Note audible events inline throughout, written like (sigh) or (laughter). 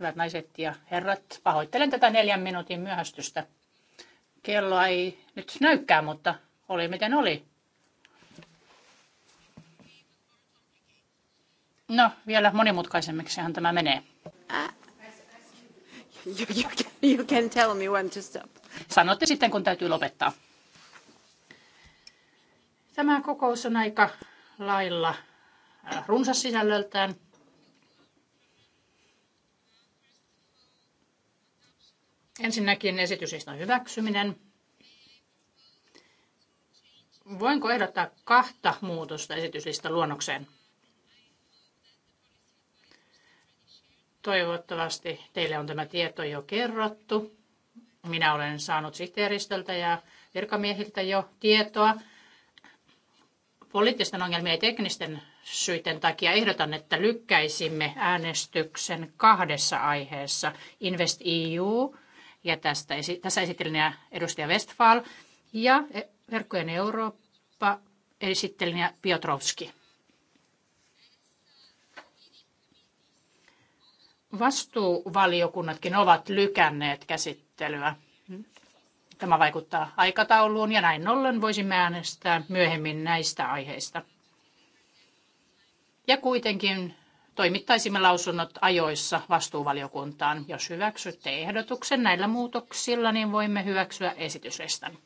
hyvät naiset ja herrat. Pahoittelen tätä neljän minuutin myöhästystä. Kello ei nyt näykään, mutta oli miten oli. No, vielä hän tämä menee. Uh, you, can, you can tell me when to stop. Sanotte sitten, kun täytyy lopettaa. Tämä kokous on aika lailla äh, runsas sisällöltään. Ensinnäkin esityslistan hyväksyminen. Voinko ehdottaa kahta muutosta esityslistan luonnokseen? Toivottavasti teille on tämä tieto jo kerrottu. Minä olen saanut sihteeristöltä ja virkamiehiltä jo tietoa. Poliittisten ongelmien ja teknisten syiden takia ehdotan, että lykkäisimme äänestyksen kahdessa aiheessa. Invest EU ja tästä, tässä esittelijänä edustaja Westfall ja e, Verkkojen Eurooppa esittelijänä Piotrowski. Vastuuvaliokunnatkin ovat lykänneet käsittelyä. Tämä vaikuttaa aikatauluun ja näin ollen voisimme äänestää myöhemmin näistä aiheista. Ja kuitenkin toimittaisimme lausunnot ajoissa vastuuvaliokuntaan. Jos hyväksytte ehdotuksen näillä muutoksilla, niin voimme hyväksyä esityslistan.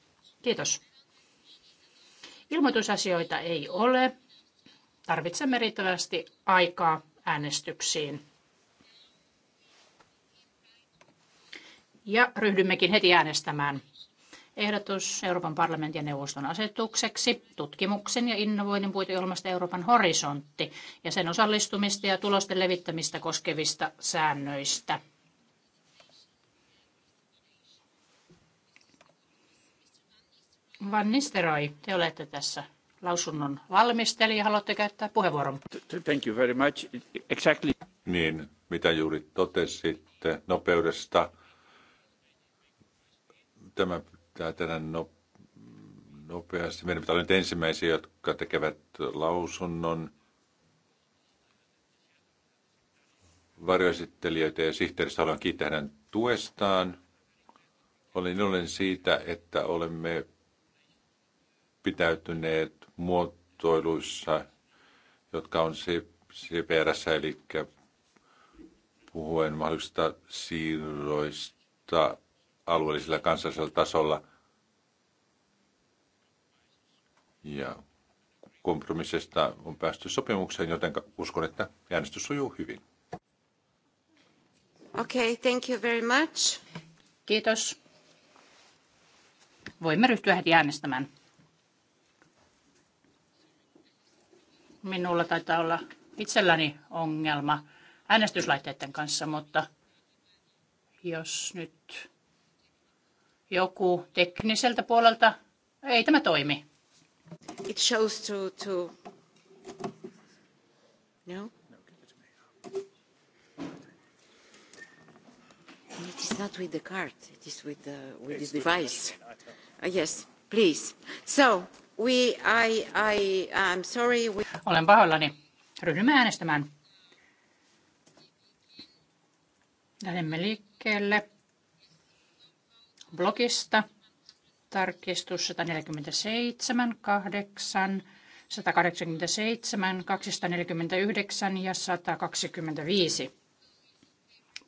Kiitos. Ilmoitusasioita ei ole. Tarvitsemme riittävästi aikaa äänestyksiin. Ja ryhdymmekin heti äänestämään ehdotus Euroopan parlamentin ja neuvoston asetukseksi tutkimuksen ja innovoinnin puiteohjelmasta Euroopan horisontti ja sen osallistumista ja tulosten levittämistä koskevista säännöistä. Van Nisteroi, te olette tässä lausunnon valmistelija ja haluatte käyttää puheenvuoron. Thank you very much. Exactly. Niin, mitä juuri totesitte nopeudesta. Tämä tänään no, nopeasti. Meidän pitää olla nyt ensimmäisiä, jotka tekevät lausunnon varjoesittelijöitä ja sihteeristä haluan kiittää hänen tuestaan. Olin iloinen siitä, että olemme pitäytyneet muotoiluissa, jotka on CPRS, eli puhuen mahdollisista siirroista alueellisella kansallisella tasolla. Ja kompromissista on päästy sopimukseen, joten uskon, että äänestys sujuu hyvin. Okay, thank you very much. Kiitos. Voimme ryhtyä heti äänestämään. Minulla taitaa olla itselläni ongelma äänestyslaitteiden kanssa, mutta jos nyt joku tekniseltä puolelta, ei tämä toimi. It shows to, to... No? It is not with the card, it is with the, with the device. Uh, yes, please. So, we, I, I, I'm sorry. We... Olen pahoillani. Ryhdymme äänestämään. Lähdemme liikkeelle blogista. Tarkistus 147, 8, 187, 249 ja 125.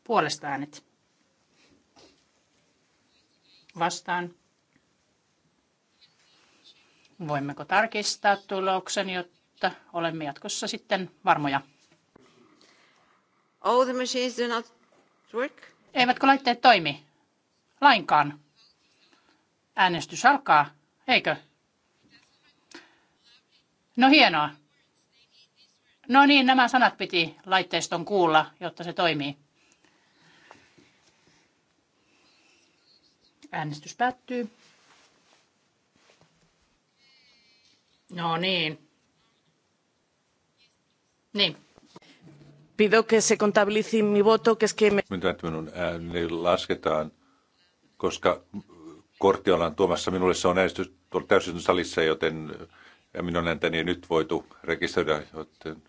Puolesta äänet. Vastaan. Voimmeko tarkistaa tuloksen, jotta olemme jatkossa sitten varmoja? All the machines do not work? Eivätkö laitteet toimi? lainkaan. Äänestys alkaa, eikö? No hienoa. No niin, nämä sanat piti laitteiston kuulla, jotta se toimii. Äänestys päättyy. No niin. Niin. Pido que se contabilice mi voto, que es que me... Minun ääni lasketaan koska kortti ollaan tuomassa minulle. Se on äänestys täysin salissa, joten ja minun ääntäni ei nyt voitu rekisteröidä. Joten...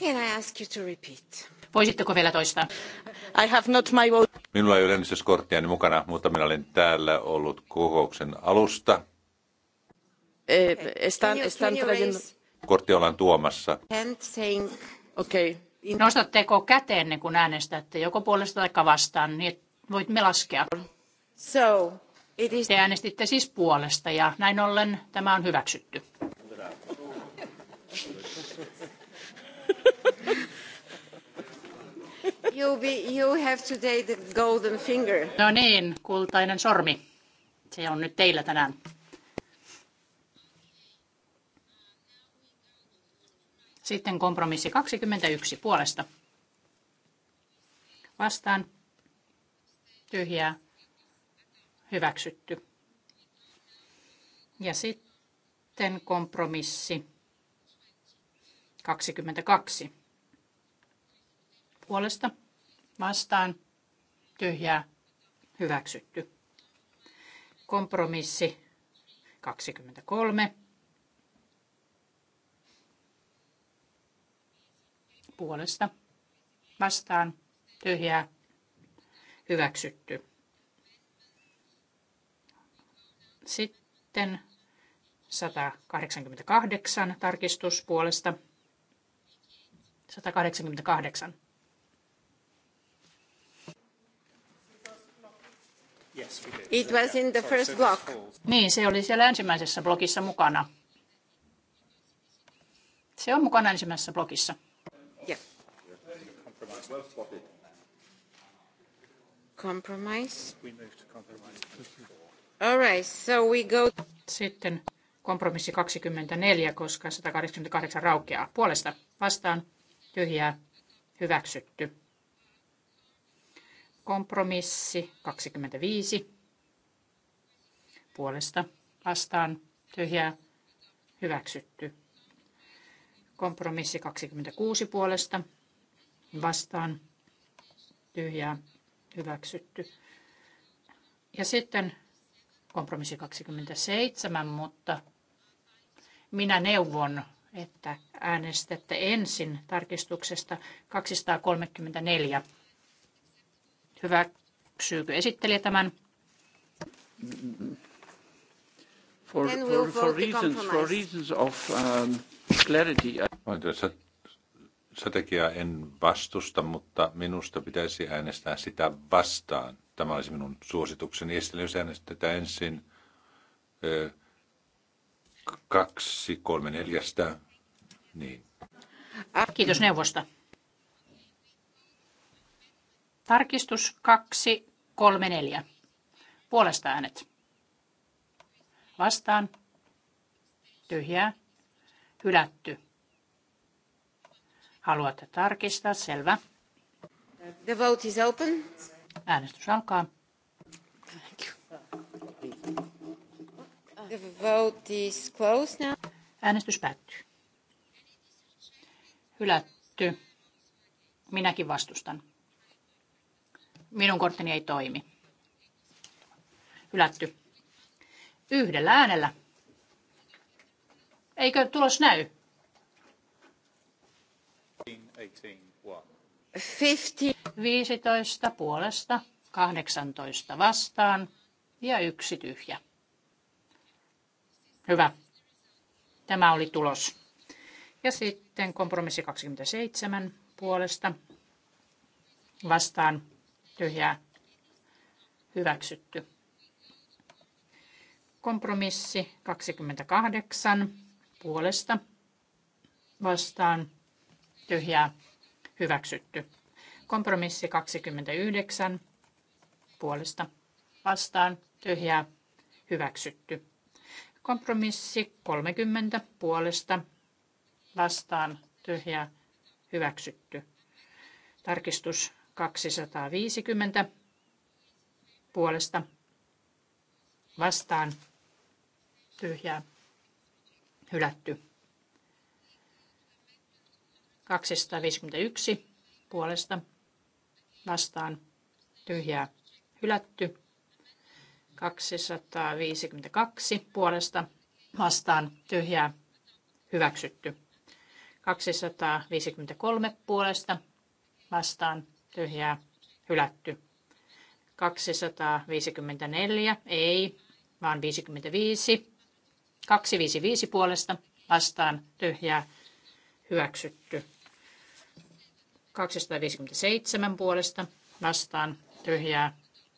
Can I ask you to repeat? Voisitteko vielä toistaa? I have not my vote. Minulla ei ole äänestyskorttiani mukana, mutta minä olen täällä ollut kokouksen alusta. Eh, están, están trayendo... Kortti ollaan tuomassa. Okei. Okay. Niin nostatteko käteenne, kun äänestätte, joko puolesta tai vastaan, niin voimme laskea. So, it is... Te äänestitte siis puolesta ja näin ollen tämä on hyväksytty. You, be, you have today the golden finger. No niin, kultainen sormi. Se on nyt teillä tänään. Sitten kompromissi 21 puolesta. Vastaan. Tyhjää. Hyväksytty. Ja sitten kompromissi 22 puolesta. Vastaan. Tyhjää. Hyväksytty. Kompromissi 23 puolesta vastaan tyhjää hyväksytty. Sitten 188 tarkistus puolesta. 188. It was in the first block. Niin, se oli siellä ensimmäisessä blokissa mukana. Se on mukana ensimmäisessä blokissa. Well spotted. Compromise. We move to compromise All right, so we go... Sitten kompromissi 24, koska 188 raukeaa. Puolesta vastaan tyhjää hyväksytty. Kompromissi 25. Puolesta vastaan tyhjää hyväksytty. Kompromissi 26 puolesta vastaan tyhjää hyväksytty. Ja sitten kompromissi 27, mutta minä neuvon, että äänestätte ensin tarkistuksesta 234. Hyväksyykö esittelijä tämän? For, for, for, reasons, for reasons of um, clarity strategiaa en vastusta, mutta minusta pitäisi äänestää sitä vastaan. Tämä olisi minun suositukseni. Ja jos äänestetään ensin kaksi, kolme, neljästä, niin. Kiitos neuvosta. Tarkistus kaksi, kolme, neljä. Puolesta äänet. Vastaan. Tyhjää. Hylätty. Haluatte tarkistaa? Selvä. The vote is open. Äänestys alkaa. Thank you. The vote is closed now. Äänestys päättyy. Hylätty. Minäkin vastustan. Minun korttini ei toimi. Hylätty. Yhdellä äänellä. Eikö tulos näy? 15 puolesta, 18 vastaan ja yksi tyhjä. Hyvä. Tämä oli tulos. Ja sitten kompromissi 27 puolesta vastaan tyhjää hyväksytty. Kompromissi 28 puolesta vastaan tyhjää hyväksytty. Kompromissi 29 puolesta vastaan tyhjää hyväksytty. Kompromissi 30 puolesta vastaan tyhjää hyväksytty. Tarkistus 250 puolesta vastaan tyhjää hylätty. 251 puolesta vastaan tyhjää hylätty. 252 puolesta vastaan tyhjää hyväksytty. 253 puolesta vastaan tyhjää hylätty. 254 ei, vaan 55. 255 puolesta vastaan tyhjää hyväksytty. 257 puolesta vastaan tyhjää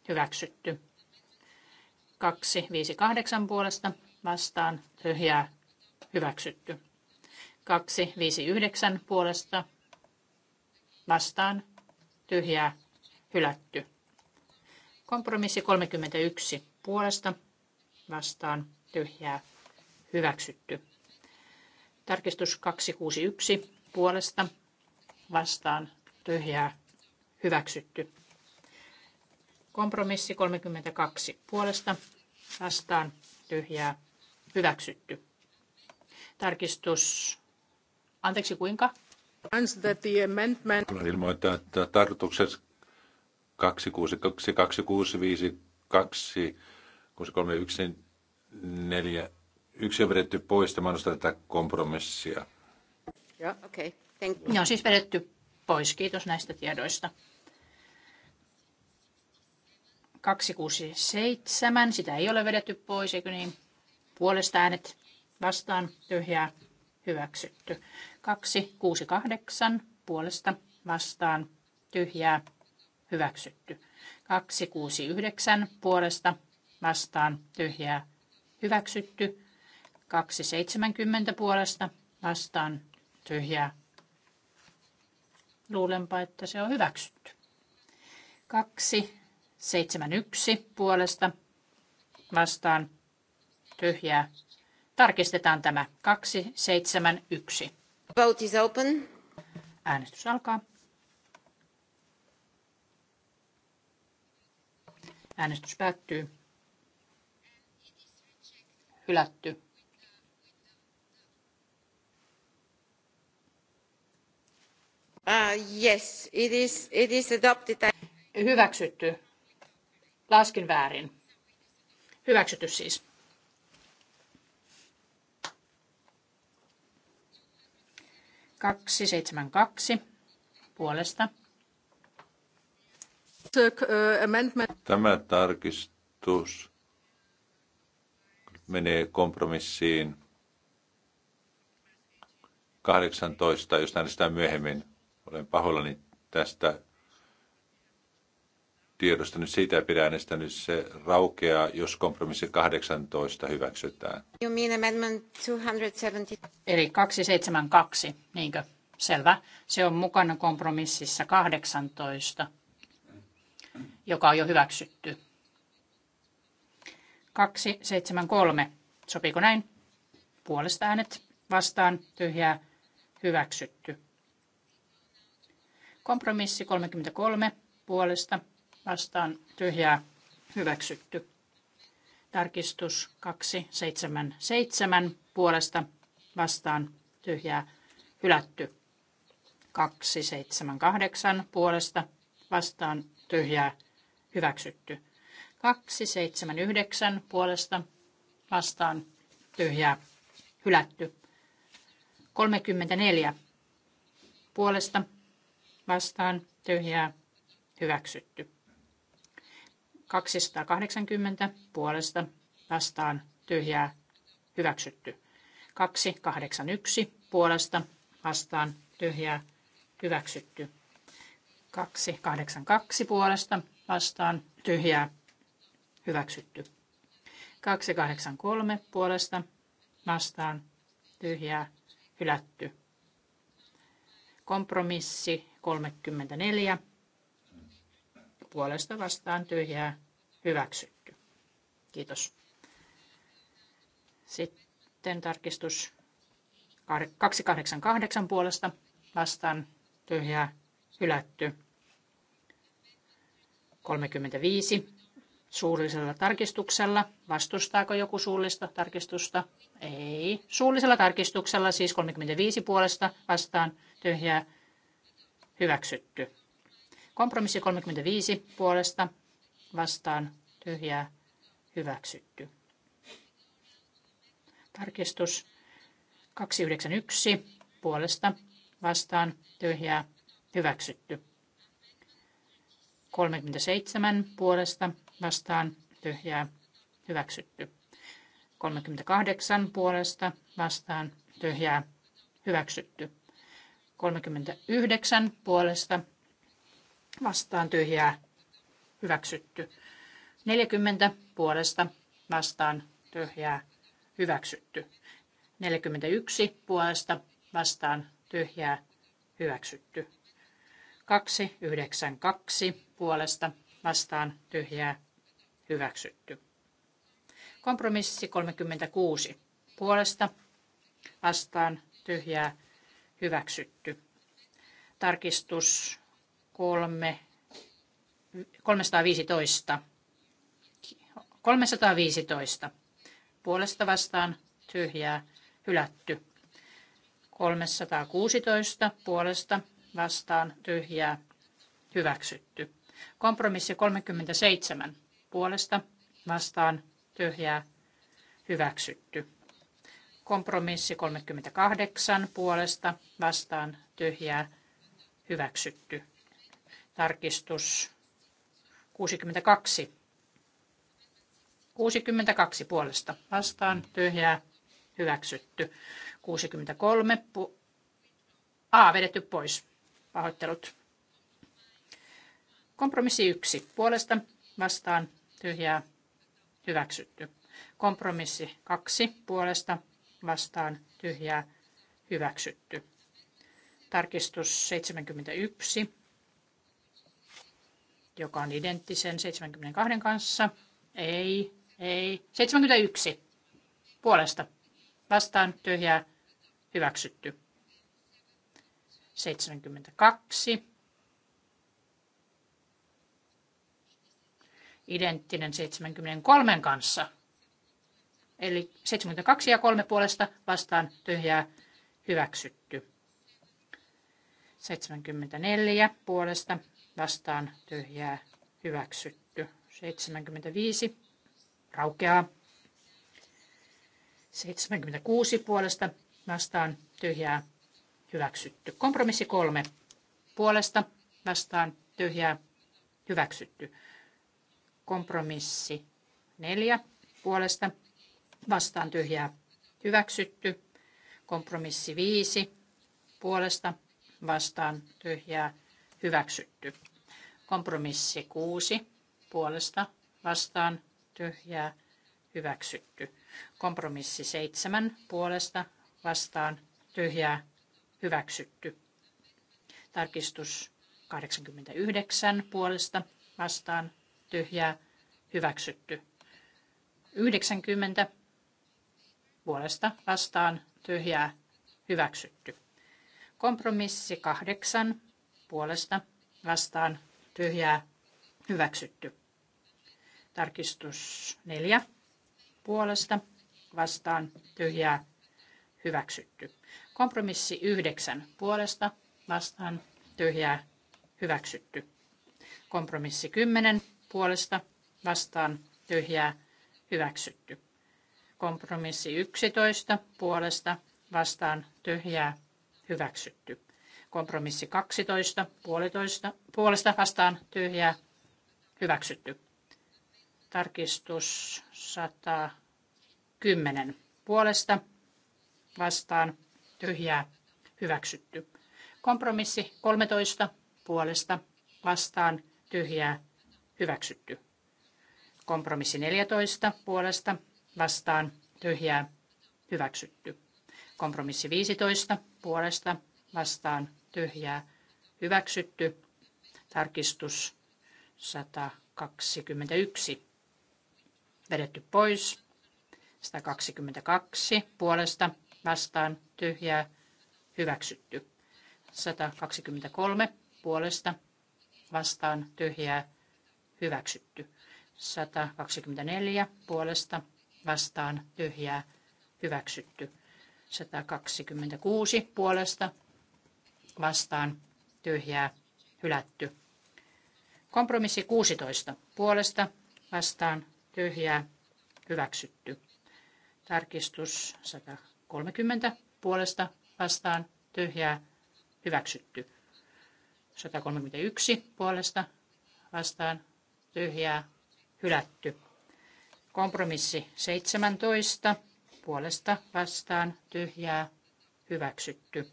hyväksytty. 258 puolesta vastaan tyhjää hyväksytty. 259 puolesta vastaan tyhjää hylätty. Kompromissi 31 puolesta vastaan tyhjää hyväksytty. Tarkistus 261 puolesta vastaan tyhjää hyväksytty. Kompromissi 32 puolesta vastaan tyhjää hyväksytty. Tarkistus. Anteeksi, kuinka? Haluan ilmoittaa, että tarkoituksessa 262, 265, 2, 631, 4, 1 on vedetty pois, tämä tätä kompromissia. Joo, okei. Okay. Ne on siis vedetty pois. Kiitos näistä tiedoista. 267, sitä ei ole vedetty pois, eikö niin? Puolesta äänet vastaan, tyhjää, hyväksytty. 268, puolesta vastaan, tyhjää, hyväksytty. 269, puolesta vastaan, tyhjää, hyväksytty. 270 puolesta vastaan, tyhjää, Luulenpa, että se on hyväksytty. 2, 7, 1 puolesta vastaan tyhjää. Tarkistetaan tämä. 2, 7, 1. Vote is open. Äänestys alkaa. Äänestys päättyy. Hylätty. Uh, yes, it is, it is adopted. Hyväksytty. Laskin väärin. Hyväksytty siis. Kaksi, seitsemän, kaksi. Puolesta. Tämä tarkistus menee kompromissiin 18, jos äänestetään myöhemmin. Olen pahoillani tästä tiedosta nyt siitä ja että nyt se raukeaa, jos kompromissi 18 hyväksytään. You mean amendment 270. Eli 272, niinkö? Selvä. Se on mukana kompromississa 18, joka on jo hyväksytty. 273. Sopiiko näin? Puolesta äänet vastaan tyhjää hyväksytty. Kompromissi 33 puolesta vastaan tyhjää hyväksytty. Tarkistus 277 puolesta vastaan tyhjää hylätty. 278 puolesta vastaan tyhjää hyväksytty. 279 puolesta vastaan tyhjää hylätty. 34 puolesta vastaan tyhjää hyväksytty. 280 puolesta vastaan tyhjää hyväksytty. 281 puolesta vastaan tyhjää hyväksytty. 282 puolesta vastaan tyhjää hyväksytty. 283 puolesta vastaan tyhjää hylätty. Kompromissi 34 puolesta vastaan tyhjää hyväksytty. Kiitos. Sitten tarkistus 288 puolesta vastaan tyhjää hylätty. 35 suullisella tarkistuksella. Vastustaako joku suullista tarkistusta? Ei. Suullisella tarkistuksella siis 35 puolesta vastaan tyhjää hyväksytty. Kompromissi 35 puolesta vastaan tyhjää hyväksytty. Tarkistus 291 puolesta vastaan tyhjää hyväksytty. 37 puolesta vastaan tyhjää hyväksytty. 38 puolesta vastaan tyhjää hyväksytty. 39 puolesta vastaan tyhjää hyväksytty. 40 puolesta vastaan tyhjää hyväksytty. 41 puolesta vastaan tyhjää hyväksytty. 292 puolesta vastaan tyhjää hyväksytty. Kompromissi 36 puolesta vastaan tyhjää hyväksytty. Tarkistus 3, 315. 315. Puolesta vastaan tyhjää hylätty. 316 puolesta vastaan tyhjää hyväksytty. Kompromissi 37 puolesta vastaan tyhjää hyväksytty. Kompromissi 38 puolesta vastaan tyhjää hyväksytty. Tarkistus 62. 62 puolesta vastaan tyhjää hyväksytty. 63 pu- A vedetty pois. Pahoittelut. Kompromissi 1 puolesta vastaan tyhjää hyväksytty. Kompromissi 2 puolesta vastaan tyhjää hyväksytty. Tarkistus 71, joka on identtisen 72 kanssa. Ei, ei. 71 puolesta vastaan tyhjää hyväksytty. 72. Identtinen 73 kanssa Eli 72 ja 3 puolesta vastaan tyhjää hyväksytty. 74 puolesta vastaan tyhjää hyväksytty. 75 raukeaa. 76 puolesta vastaan tyhjää hyväksytty. Kompromissi 3 puolesta vastaan tyhjää hyväksytty. Kompromissi 4 puolesta vastaan tyhjää hyväksytty. Kompromissi 5 puolesta vastaan tyhjää hyväksytty. Kompromissi 6 puolesta vastaan tyhjää hyväksytty. Kompromissi 7 puolesta vastaan tyhjää hyväksytty. Tarkistus 89 puolesta vastaan tyhjää hyväksytty. 90 puolesta vastaan tyhjää hyväksytty. Kompromissi kahdeksan puolesta vastaan tyhjää hyväksytty. Tarkistus neljä puolesta vastaan tyhjää hyväksytty. Kompromissi yhdeksän puolesta vastaan tyhjää hyväksytty. Kompromissi kymmenen puolesta vastaan tyhjää hyväksytty. Kompromissi 11 puolesta vastaan tyhjää hyväksytty. Kompromissi 12 puolitoista, puolesta vastaan tyhjää hyväksytty. Tarkistus 110 puolesta vastaan tyhjää hyväksytty. Kompromissi 13 puolesta vastaan tyhjää hyväksytty. Kompromissi 14 puolesta vastaan tyhjää hyväksytty. Kompromissi 15 puolesta vastaan tyhjää hyväksytty. Tarkistus 121 vedetty pois. 122 puolesta vastaan tyhjää hyväksytty. 123 puolesta vastaan tyhjää hyväksytty. 124 puolesta vastaan tyhjää hyväksytty. 126 puolesta vastaan tyhjää hylätty. Kompromissi 16 puolesta vastaan tyhjää hyväksytty. Tarkistus 130 puolesta vastaan tyhjää hyväksytty. 131 puolesta vastaan tyhjää hylätty. Kompromissi 17. Puolesta vastaan tyhjää hyväksytty.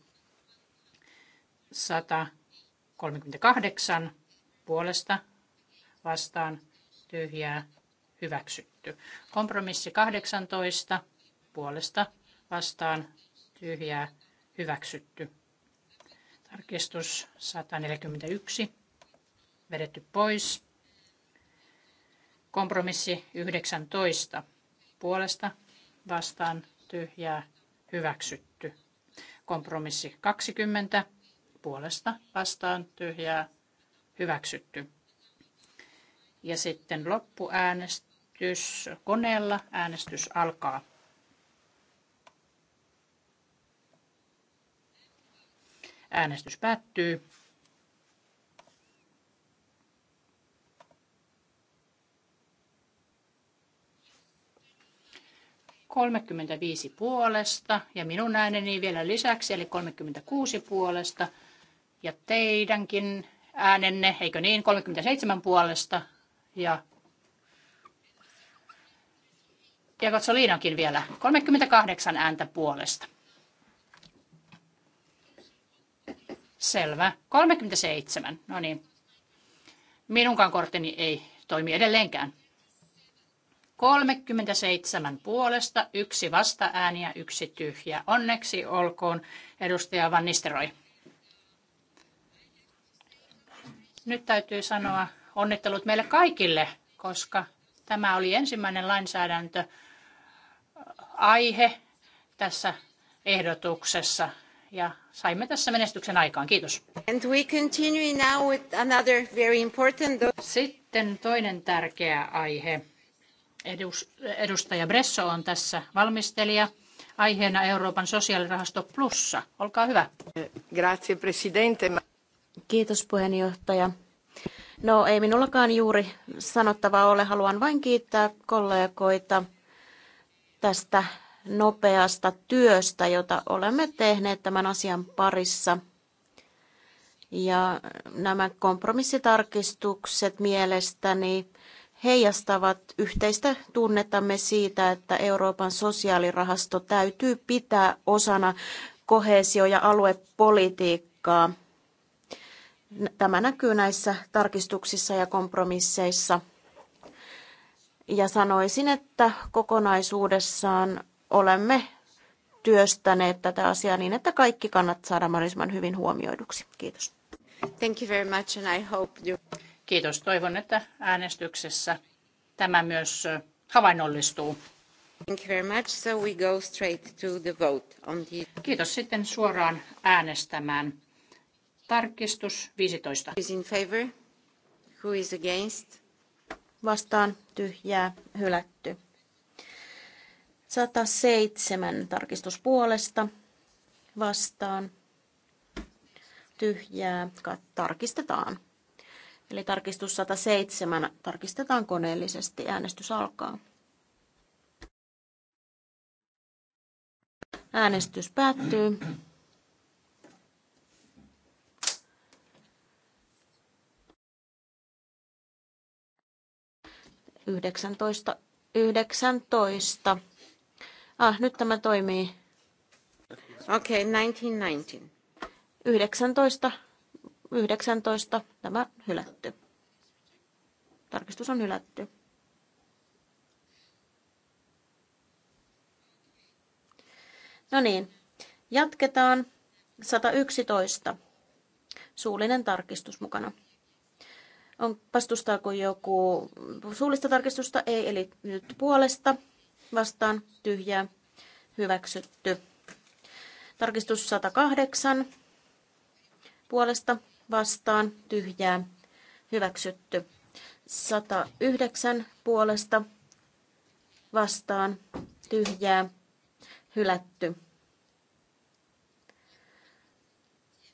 138. Puolesta vastaan tyhjää hyväksytty. Kompromissi 18. Puolesta vastaan tyhjää hyväksytty. Tarkistus 141. Vedetty pois. Kompromissi 19. Puolesta vastaan tyhjää hyväksytty. Kompromissi 20. Puolesta vastaan tyhjää hyväksytty. Ja sitten loppuäänestys koneella. Äänestys alkaa. Äänestys päättyy. 35 puolesta ja minun ääneni vielä lisäksi, eli 36 puolesta. Ja teidänkin äänenne, eikö niin, 37 puolesta. Ja ja katso Liinakin vielä, 38 ääntä puolesta. Selvä, 37, no niin. Minunkaan korttini ei toimi edelleenkään. 37 puolesta, yksi vastaääni ja yksi tyhjä. Onneksi olkoon edustaja Van Nisteroi. Nyt täytyy sanoa onnittelut meille kaikille, koska tämä oli ensimmäinen lainsäädäntö aihe tässä ehdotuksessa ja saimme tässä menestyksen aikaan. Kiitos. And we continue now with another very important... Sitten toinen tärkeä aihe. Edustaja Bresso on tässä valmistelija. Aiheena Euroopan sosiaalirahasto plussa. Olkaa hyvä. Grazie, presidente. Kiitos puheenjohtaja. No ei minullakaan juuri sanottavaa ole. Haluan vain kiittää kollegoita tästä nopeasta työstä, jota olemme tehneet tämän asian parissa. Ja nämä kompromissitarkistukset mielestäni heijastavat yhteistä tunnettamme siitä, että Euroopan sosiaalirahasto täytyy pitää osana kohesio- ja aluepolitiikkaa. Tämä näkyy näissä tarkistuksissa ja kompromisseissa. Ja sanoisin, että kokonaisuudessaan olemme työstäneet tätä asiaa niin, että kaikki kannat saada mahdollisimman hyvin huomioiduksi. Kiitos. Thank you very much and I hope you... Kiitos. Toivon, että äänestyksessä tämä myös havainnollistuu. Thank you very much. So we go straight to the vote on the... Kiitos. Sitten suoraan äänestämään. Tarkistus 15. Who is in favor? Who is against? Vastaan tyhjää, hylätty. 107 tarkistus puolesta vastaan tyhjää. Tarkistetaan. Eli tarkistus 107 tarkistetaan koneellisesti. Äänestys alkaa. Äänestys päättyy. Yhdeksäntoista. Yhdeksäntoista. Ah, nyt tämä toimii. Okei, okay, 1919. 19. 19. Tämä hylätty. Tarkistus on hylätty. No niin, jatketaan. 111. Suullinen tarkistus mukana. On, vastustaako joku suullista tarkistusta? Ei, eli nyt puolesta vastaan tyhjää hyväksytty. Tarkistus 108 puolesta vastaan tyhjää hyväksytty. 109 puolesta vastaan tyhjää hylätty.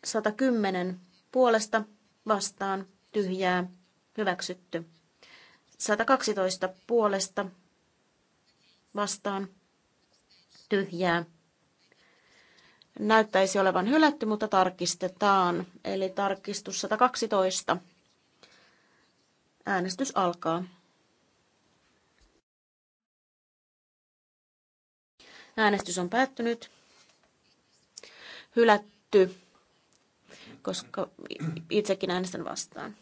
110 puolesta vastaan tyhjää hyväksytty. 112 puolesta vastaan tyhjää näyttäisi olevan hylätty, mutta tarkistetaan. Eli tarkistus 112. Äänestys alkaa. Äänestys on päättynyt. Hylätty, koska itsekin äänestän vastaan.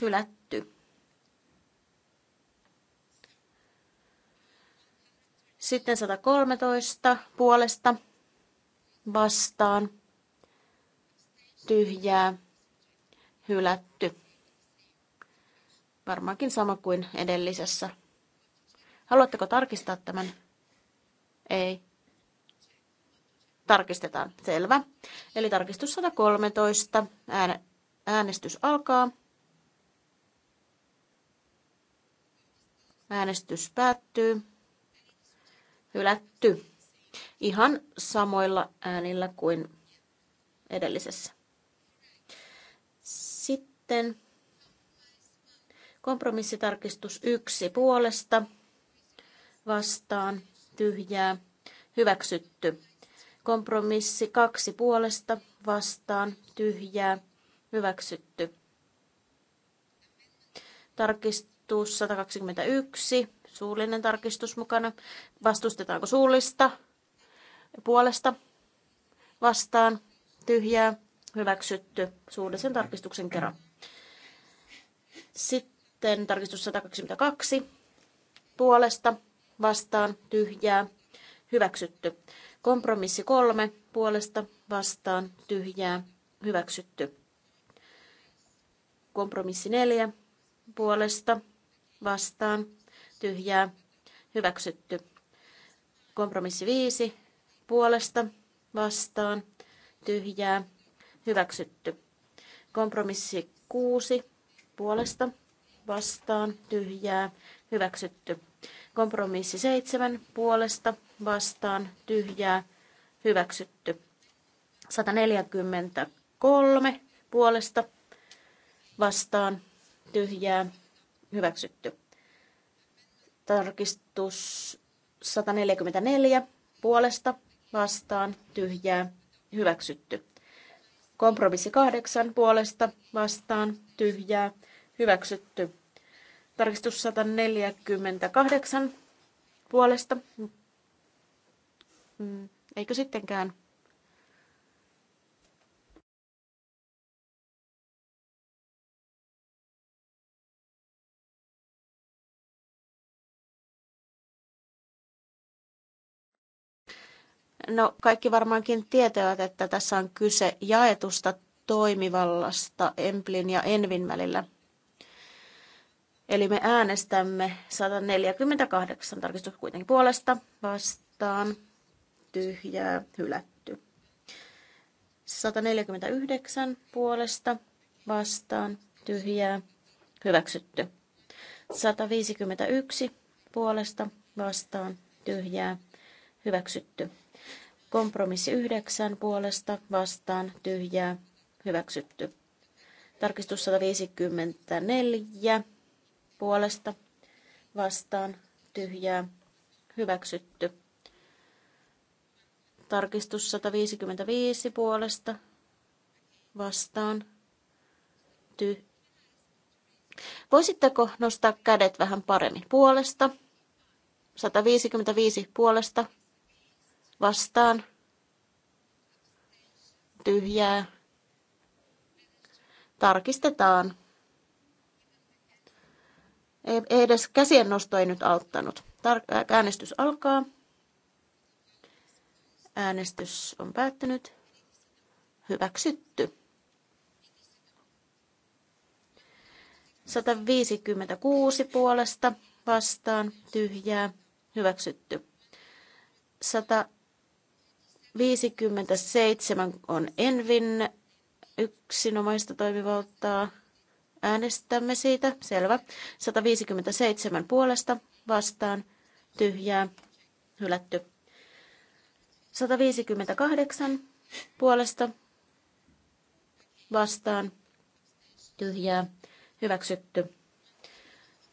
hylätty. Sitten 113 puolesta vastaan tyhjää hylätty. Varmaankin sama kuin edellisessä. Haluatteko tarkistaa tämän? Ei. Tarkistetaan. Selvä. Eli tarkistus 113. Äänestys alkaa. Äänestys päättyy. Hylätty. Ihan samoilla äänillä kuin edellisessä. Sitten kompromissitarkistus yksi puolesta vastaan tyhjää hyväksytty. Kompromissi kaksi puolesta vastaan tyhjää hyväksytty. Tarkist Tarkistettu 121. Suullinen tarkistus mukana. Vastustetaanko suullista? Puolesta? Vastaan? Tyhjää? Hyväksytty suullisen tarkistuksen kerran. Sitten tarkistus 122. Puolesta? Vastaan? Tyhjää? Hyväksytty. Kompromissi 3. Puolesta? Vastaan? Tyhjää? Hyväksytty kompromissi neljä puolesta vastaan tyhjää hyväksytty. Kompromissi 5 puolesta vastaan tyhjää hyväksytty. Kompromissi 6 puolesta vastaan tyhjää hyväksytty. Kompromissi 7 puolesta vastaan tyhjää hyväksytty. 143 puolesta vastaan tyhjää hyväksytty. Tarkistus 144 puolesta vastaan tyhjää hyväksytty. Kompromissi 8 puolesta vastaan tyhjää hyväksytty. Tarkistus 148 puolesta. Mm, eikö sittenkään? No, kaikki varmaankin tietävät, että tässä on kyse jaetusta toimivallasta Emplin ja Envin välillä. Eli me äänestämme 148 tarkistus kuitenkin puolesta vastaan tyhjää hylätty. 149 puolesta vastaan tyhjää hyväksytty. 151 puolesta vastaan tyhjää hyväksytty. Kompromissi 9 puolesta vastaan tyhjää hyväksytty. Tarkistus 154 puolesta vastaan tyhjää hyväksytty. Tarkistus 155 puolesta vastaan ty. Voisitteko nostaa kädet vähän paremmin puolesta? 155 puolesta vastaan tyhjää. Tarkistetaan. Ei, ei edes käsien nosto ei nyt auttanut. Tar- äänestys alkaa. Äänestys on päättynyt. Hyväksytty. 156 puolesta vastaan tyhjää. Hyväksytty. 100 57 on Envin yksinomaista toimivaltaa. Äänestämme siitä. Selvä. 157 puolesta vastaan. Tyhjää. Hylätty. 158 puolesta vastaan. Tyhjää. Hyväksytty.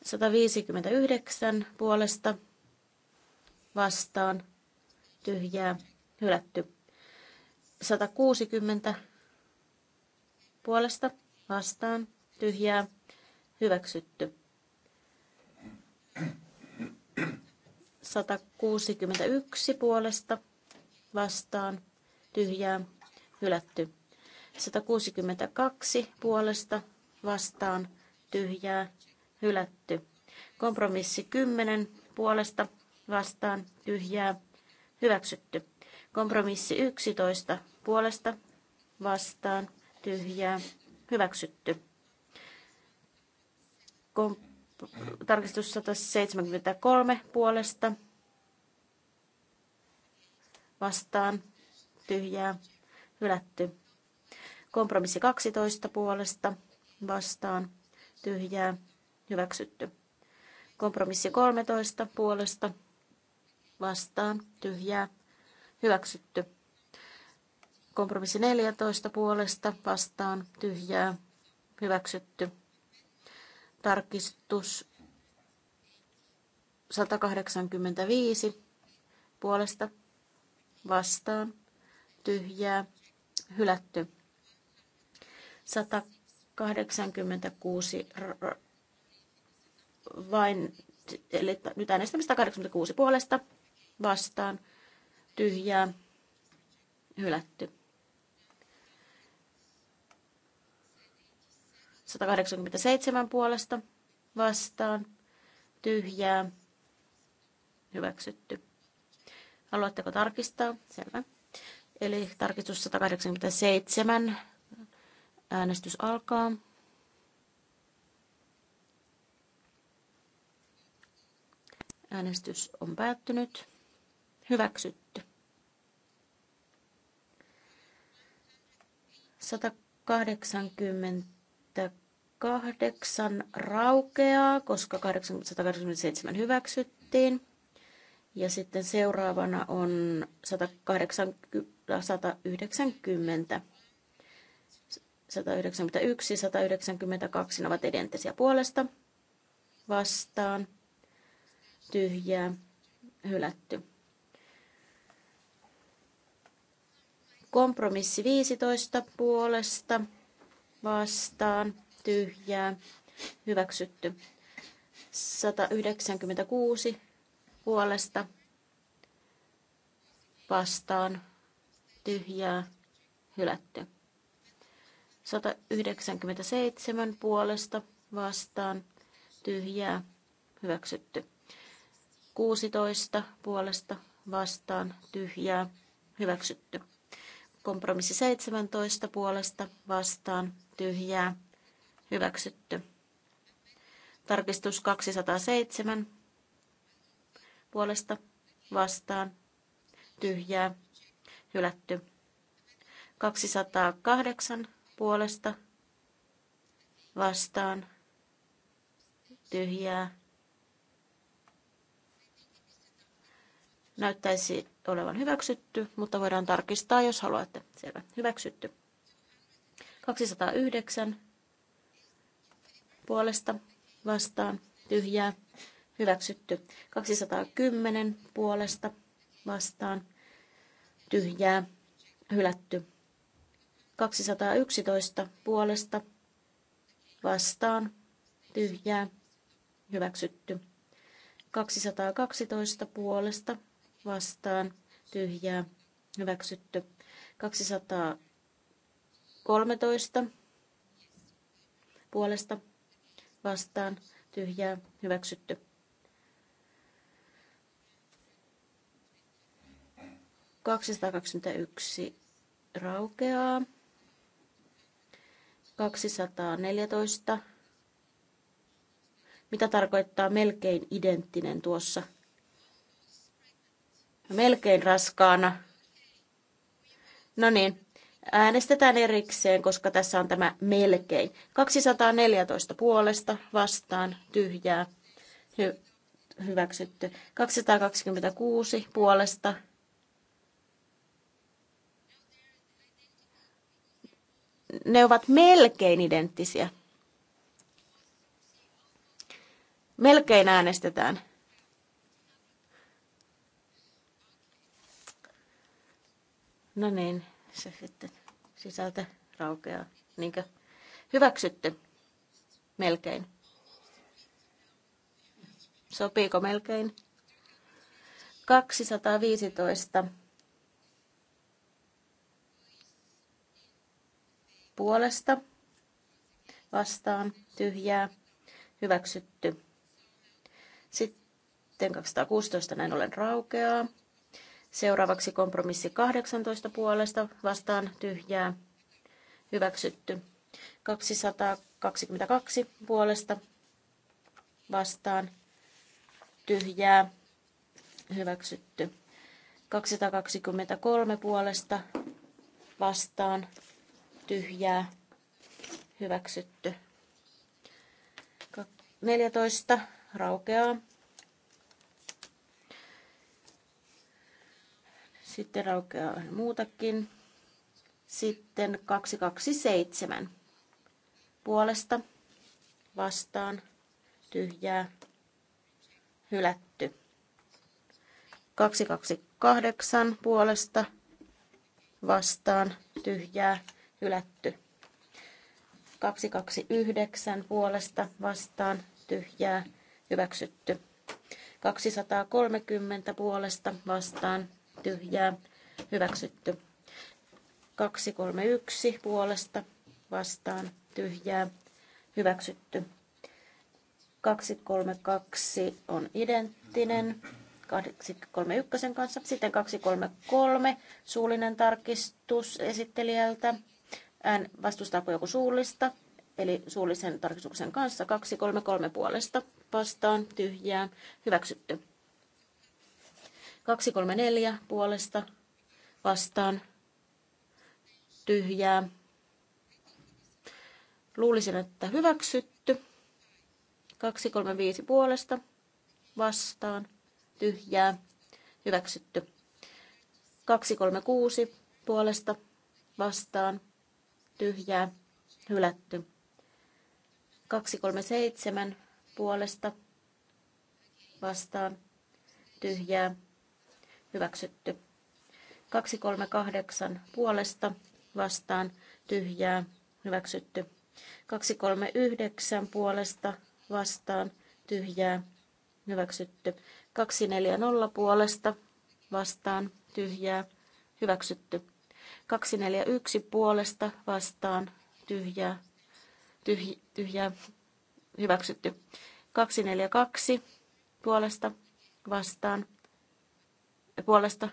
159 puolesta vastaan. Tyhjää hylätty. 160 puolesta vastaan tyhjää hyväksytty. 161 puolesta vastaan tyhjää hylätty. 162 puolesta vastaan tyhjää hylätty. Kompromissi 10 puolesta vastaan tyhjää hyväksytty. Kompromissi 11 puolesta vastaan tyhjää hyväksytty. Kom- tarkistus 173 puolesta vastaan tyhjää hylätty. Kompromissi 12 puolesta vastaan tyhjää hyväksytty. Kompromissi 13 puolesta vastaan tyhjää Hyväksytty. Kompromissi 14 puolesta vastaan tyhjää. Hyväksytty. Tarkistus 185 puolesta vastaan tyhjää. Hylätty. 186 vain, eli nyt äänestämme 186 puolesta vastaan tyhjää, hylätty. 187 puolesta vastaan, tyhjää, hyväksytty. Haluatteko tarkistaa? Selvä. Eli tarkistus 187. Äänestys alkaa. Äänestys on päättynyt. Hyväksytty. 188 raukeaa, koska 187 hyväksyttiin. Ja sitten seuraavana on 180, 190. 191, 192 ne ovat identtisiä puolesta vastaan. Tyhjää, hylätty. Kompromissi 15 puolesta vastaan tyhjää hyväksytty. 196 puolesta vastaan tyhjää hylätty. 197 puolesta vastaan tyhjää hyväksytty. 16 puolesta vastaan tyhjää hyväksytty. Kompromissi 17 puolesta vastaan tyhjää hyväksytty. Tarkistus 207 puolesta vastaan tyhjää hylätty. 208 puolesta vastaan tyhjää näyttäisi olevan hyväksytty, mutta voidaan tarkistaa, jos haluatte. Selvä, hyväksytty. 209 puolesta vastaan tyhjää, hyväksytty. 210 puolesta vastaan tyhjää, hylätty. 211 puolesta vastaan tyhjää, hyväksytty. 212 puolesta vastaan tyhjää hyväksytty. 213 puolesta vastaan tyhjää hyväksytty. 221 raukeaa. 214. Mitä tarkoittaa melkein identtinen tuossa melkein raskaana. No niin, äänestetään erikseen, koska tässä on tämä melkein. 214 puolesta vastaan tyhjää Hy- hyväksytty. 226 puolesta ne ovat melkein identtisiä. Melkein äänestetään. No niin, se sitten sisältä raukeaa. Niinkö? Hyväksytty. Melkein. Sopiiko melkein? 215 puolesta vastaan tyhjää hyväksytty. Sitten 216 näin olen raukeaa. Seuraavaksi kompromissi 18 puolesta vastaan tyhjää hyväksytty. 222 puolesta vastaan tyhjää hyväksytty. 223 puolesta vastaan tyhjää hyväksytty. 14 raukeaa. Sitten raukeaa muutakin. Sitten 227 puolesta vastaan tyhjää hylätty. 228 puolesta vastaan tyhjää hylätty. 229 puolesta vastaan tyhjää hyväksytty. 230 puolesta vastaan tyhjää hyväksytty. 231 puolesta vastaan tyhjää hyväksytty. 232 on identtinen 231 kanssa. Sitten 233 suullinen tarkistus esittelijältä. Ään vastustaako joku suullista? Eli suullisen tarkistuksen kanssa 233 puolesta vastaan tyhjää hyväksytty. 234 puolesta vastaan tyhjää. Luulisin, että hyväksytty. 235 puolesta vastaan tyhjää. Hyväksytty. 236 puolesta vastaan tyhjää. Hylätty. 237 puolesta vastaan tyhjää hyväksytty. 238 puolesta vastaan tyhjää hyväksytty. 239 puolesta vastaan tyhjää hyväksytty. 240 puolesta vastaan tyhjää hyväksytty. 241 puolesta vastaan tyhjää, tyh, tyhjää hyväksytty. 242 puolesta vastaan puolesta.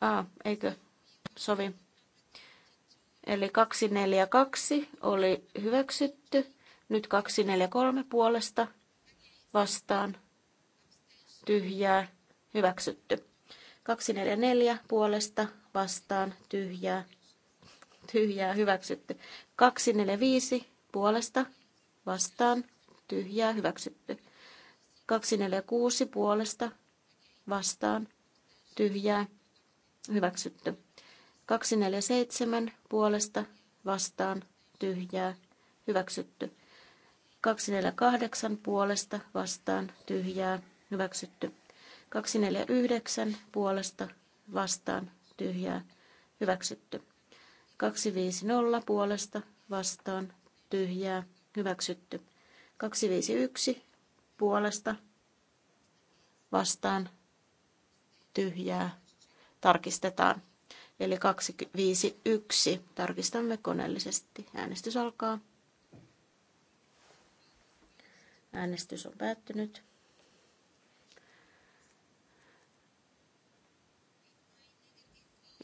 ah, eikö sovi. Eli 242 oli hyväksytty. Nyt 243 puolesta vastaan tyhjää hyväksytty. 244 puolesta vastaan tyhjää tyhjää hyväksytty. 245 puolesta vastaan, tyhjää, hyväksytty. 246 puolesta, vastaan, tyhjää, hyväksytty. 247 puolesta, vastaan, tyhjää, hyväksytty. 248 puolesta, vastaan, tyhjää, hyväksytty. 249 puolesta, vastaan, tyhjää, hyväksytty. 250 puolesta, vastaan, tyhjää, hyväksytty. 251 puolesta vastaan tyhjää tarkistetaan. Eli 251 tarkistamme koneellisesti. Äänestys alkaa. Äänestys on päättynyt.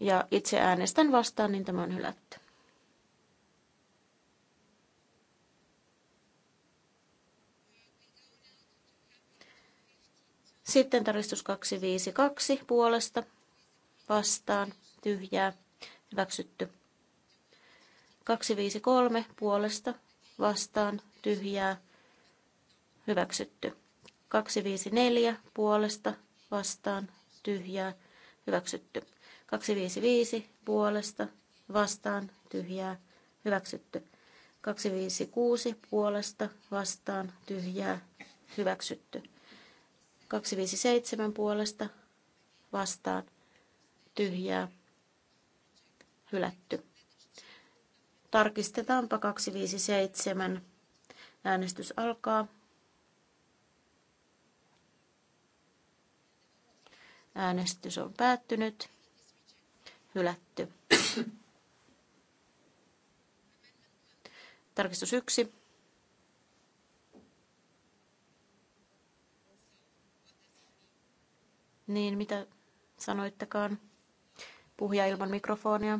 Ja itse äänestän vastaan, niin tämä on hylätty. Sitten tarkistus 252 puolesta vastaan tyhjää hyväksytty. 253 puolesta vastaan tyhjää hyväksytty. 254 puolesta vastaan tyhjää hyväksytty. 255 puolesta vastaan tyhjää hyväksytty. 256 puolesta vastaan tyhjää hyväksytty. 257 puolesta vastaan tyhjää hylätty. Tarkistetaanpa 257. Äänestys alkaa. Äänestys on päättynyt. Hylätty. Tarkistus 1 Niin, mitä sanoittekaan? Puhuja ilman mikrofonia.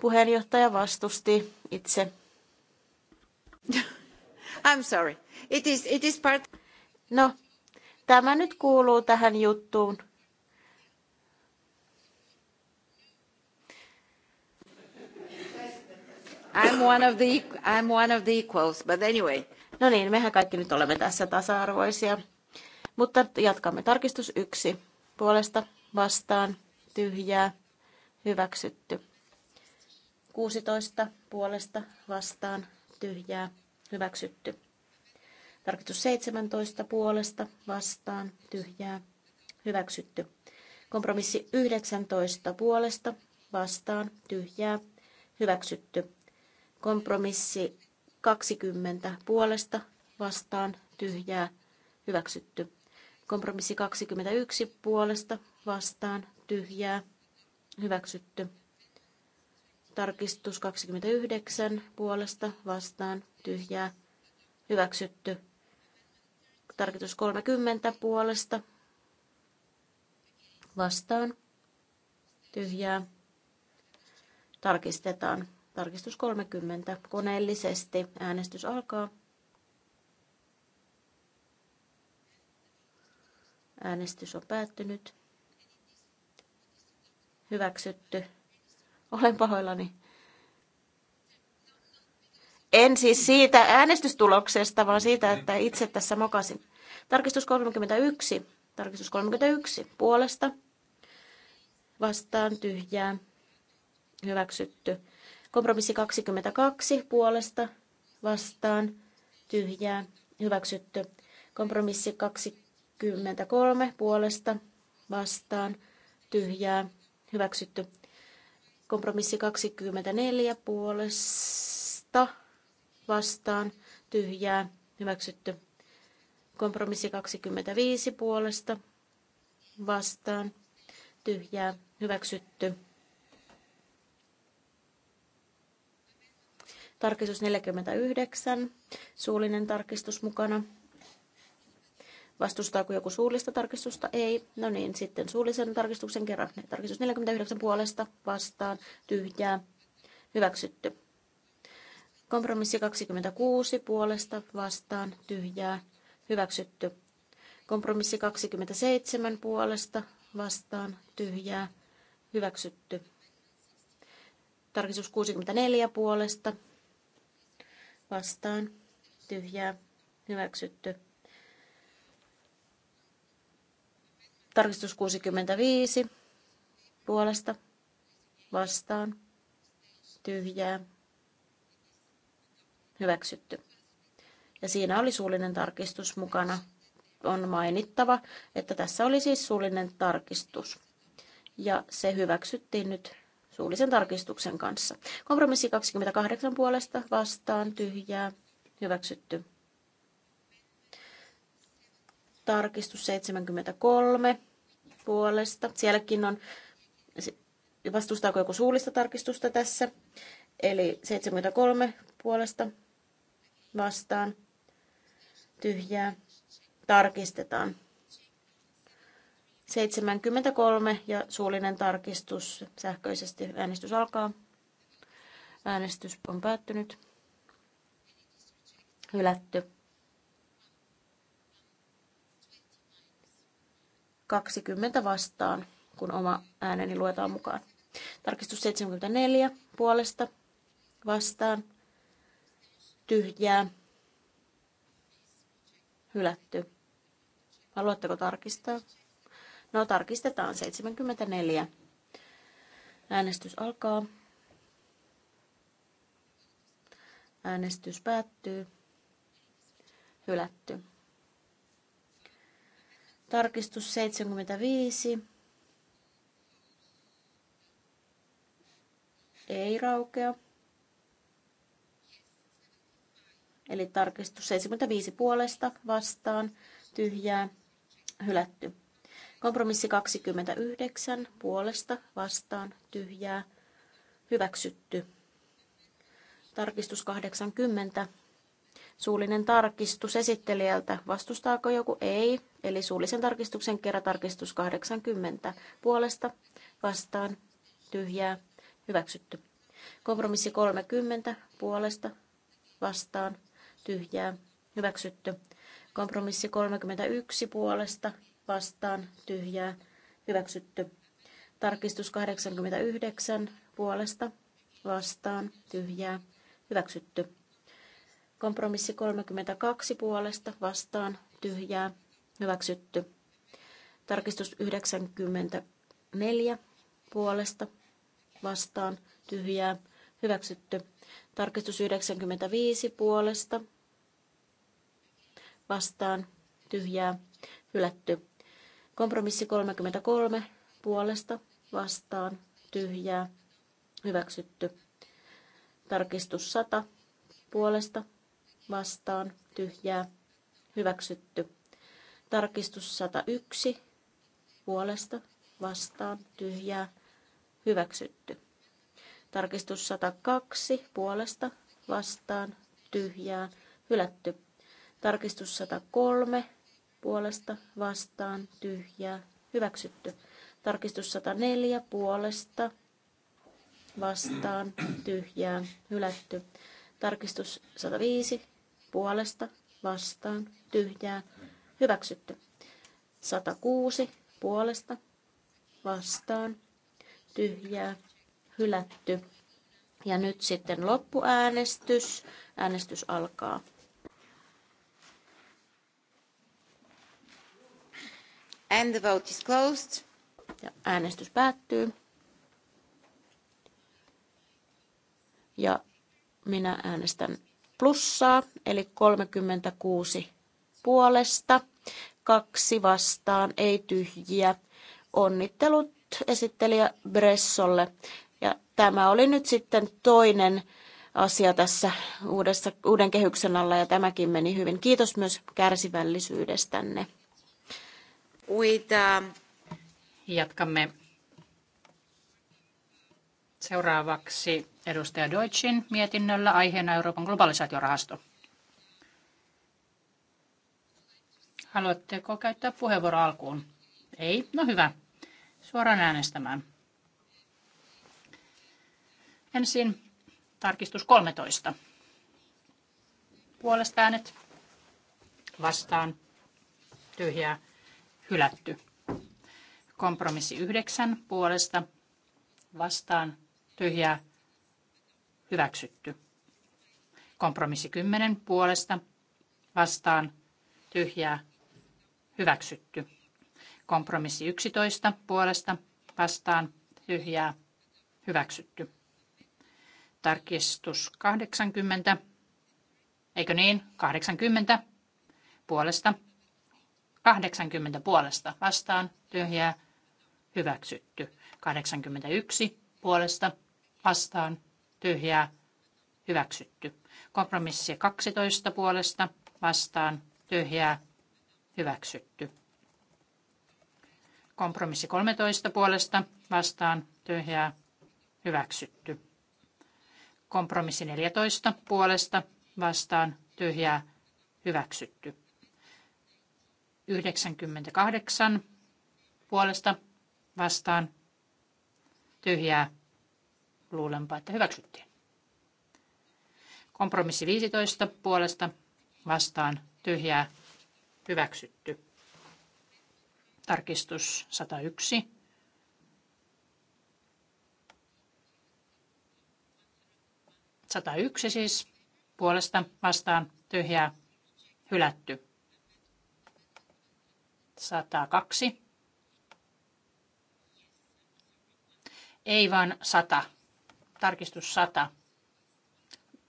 Puheenjohtaja vastusti itse. (laughs) I'm sorry. It is, it is part... No, tämä nyt kuuluu tähän juttuun. I'm one of the, I'm one of the equals, but anyway. No niin, mehän kaikki nyt olemme tässä tasa-arvoisia. Mutta jatkamme. Tarkistus yksi. Puolesta vastaan tyhjää hyväksytty. 16 puolesta vastaan tyhjää hyväksytty. Tarkistus 17 puolesta vastaan tyhjää hyväksytty. Kompromissi 19 puolesta vastaan tyhjää hyväksytty. Kompromissi 20 puolesta vastaan tyhjää hyväksytty. Kompromissi 21 puolesta vastaan tyhjää hyväksytty. Tarkistus 29 puolesta vastaan tyhjää hyväksytty. Tarkistus 30 puolesta vastaan tyhjää tarkistetaan. Tarkistus 30 koneellisesti. Äänestys alkaa. Äänestys on päättynyt. Hyväksytty. Olen pahoillani. En siis siitä äänestystuloksesta, vaan siitä, että itse tässä mokasin. Tarkistus 31. Tarkistus 31. Puolesta. Vastaan tyhjää. Hyväksytty. Kompromissi 22. Puolesta. Vastaan tyhjää. Hyväksytty. Kompromissi 20 23 puolesta vastaan tyhjää hyväksytty. Kompromissi 24 puolesta vastaan tyhjää hyväksytty. Kompromissi 25 puolesta vastaan tyhjää hyväksytty. Tarkistus 49, suullinen tarkistus mukana Vastustaako joku suullista tarkistusta? Ei. No niin, sitten suullisen tarkistuksen kerran. Tarkistus 49 puolesta vastaan. Tyhjää. Hyväksytty. Kompromissi 26 puolesta vastaan. Tyhjää. Hyväksytty. Kompromissi 27 puolesta vastaan. Tyhjää. Hyväksytty. Tarkistus 64 puolesta vastaan. Tyhjää. Hyväksytty. Tarkistus 65 puolesta vastaan tyhjää hyväksytty. Ja siinä oli suullinen tarkistus mukana. On mainittava, että tässä oli siis suullinen tarkistus. Ja se hyväksyttiin nyt suullisen tarkistuksen kanssa. Kompromissi 28 puolesta vastaan tyhjää hyväksytty. Tarkistus 73 puolesta. Sielläkin on, vastustaako joku suullista tarkistusta tässä? Eli 73 puolesta vastaan tyhjää tarkistetaan. 73 ja suullinen tarkistus sähköisesti. Äänestys alkaa. Äänestys on päättynyt. Hylätty. 20 vastaan, kun oma ääneni luetaan mukaan. Tarkistus 74 puolesta vastaan, tyhjää, hylätty. Haluatteko tarkistaa? No tarkistetaan 74. Äänestys alkaa. Äänestys päättyy. Hylätty. Tarkistus 75. Ei raukea. Eli tarkistus 75 puolesta vastaan tyhjää hylätty. Kompromissi 29 puolesta vastaan tyhjää hyväksytty. Tarkistus 80 Suullinen tarkistus esittelijältä. Vastustaako joku? Ei. Eli suullisen tarkistuksen kerran tarkistus 80. Puolesta vastaan tyhjää hyväksytty. Kompromissi 30 puolesta vastaan tyhjää hyväksytty. Kompromissi 31 puolesta vastaan tyhjää hyväksytty. Tarkistus 89 puolesta vastaan tyhjää hyväksytty. Kompromissi 32 puolesta vastaan tyhjää hyväksytty. Tarkistus 94 puolesta vastaan tyhjää hyväksytty. Tarkistus 95 puolesta vastaan tyhjää hylätty. Kompromissi 33 puolesta vastaan tyhjää hyväksytty. Tarkistus 100 puolesta vastaan tyhjää hyväksytty. Tarkistus 101 puolesta vastaan tyhjää hyväksytty. Tarkistus 102 puolesta vastaan tyhjää hylätty. Tarkistus 103 puolesta vastaan tyhjää hyväksytty. Tarkistus 104 puolesta vastaan tyhjää hylätty. Tarkistus 105 puolesta vastaan tyhjää hyväksytty. 106 puolesta vastaan tyhjää hylätty. Ja nyt sitten loppuäänestys. Äänestys alkaa. And the vote is closed. Ja äänestys päättyy. Ja minä äänestän plussaa, eli 36 puolesta, kaksi vastaan, ei tyhjiä. Onnittelut esittelijä Bressolle. Ja tämä oli nyt sitten toinen asia tässä uudessa, uuden kehyksen alla ja tämäkin meni hyvin. Kiitos myös kärsivällisyydestänne. Uita. Um, Jatkamme seuraavaksi edustaja Deutschin mietinnöllä aiheena Euroopan globalisaatiorahasto. Haluatteko käyttää puheenvuoro alkuun? Ei? No hyvä. Suoraan äänestämään. Ensin tarkistus 13. Puolesta äänet vastaan tyhjää hylätty. Kompromissi 9 puolesta vastaan tyhjää Hyväksytty. Kompromissi 10 puolesta vastaan tyhjää. Hyväksytty. Kompromissi 11 puolesta vastaan tyhjää. Hyväksytty. Tarkistus 80. Eikö niin? 80 puolesta. 80 puolesta vastaan tyhjää. Hyväksytty. 81 puolesta vastaan tyhjää hyväksytty. Kompromissi 12 puolesta vastaan tyhjää hyväksytty. Kompromissi 13 puolesta vastaan tyhjää hyväksytty. Kompromissi 14 puolesta vastaan tyhjää hyväksytty. 98 puolesta vastaan tyhjää Luulenpa, että hyväksyttiin. Kompromissi 15 puolesta vastaan tyhjää hyväksytty. Tarkistus 101. Sata yksi siis puolesta vastaan tyhjää hylätty. 102. Ei vaan 100 Tarkistus 100.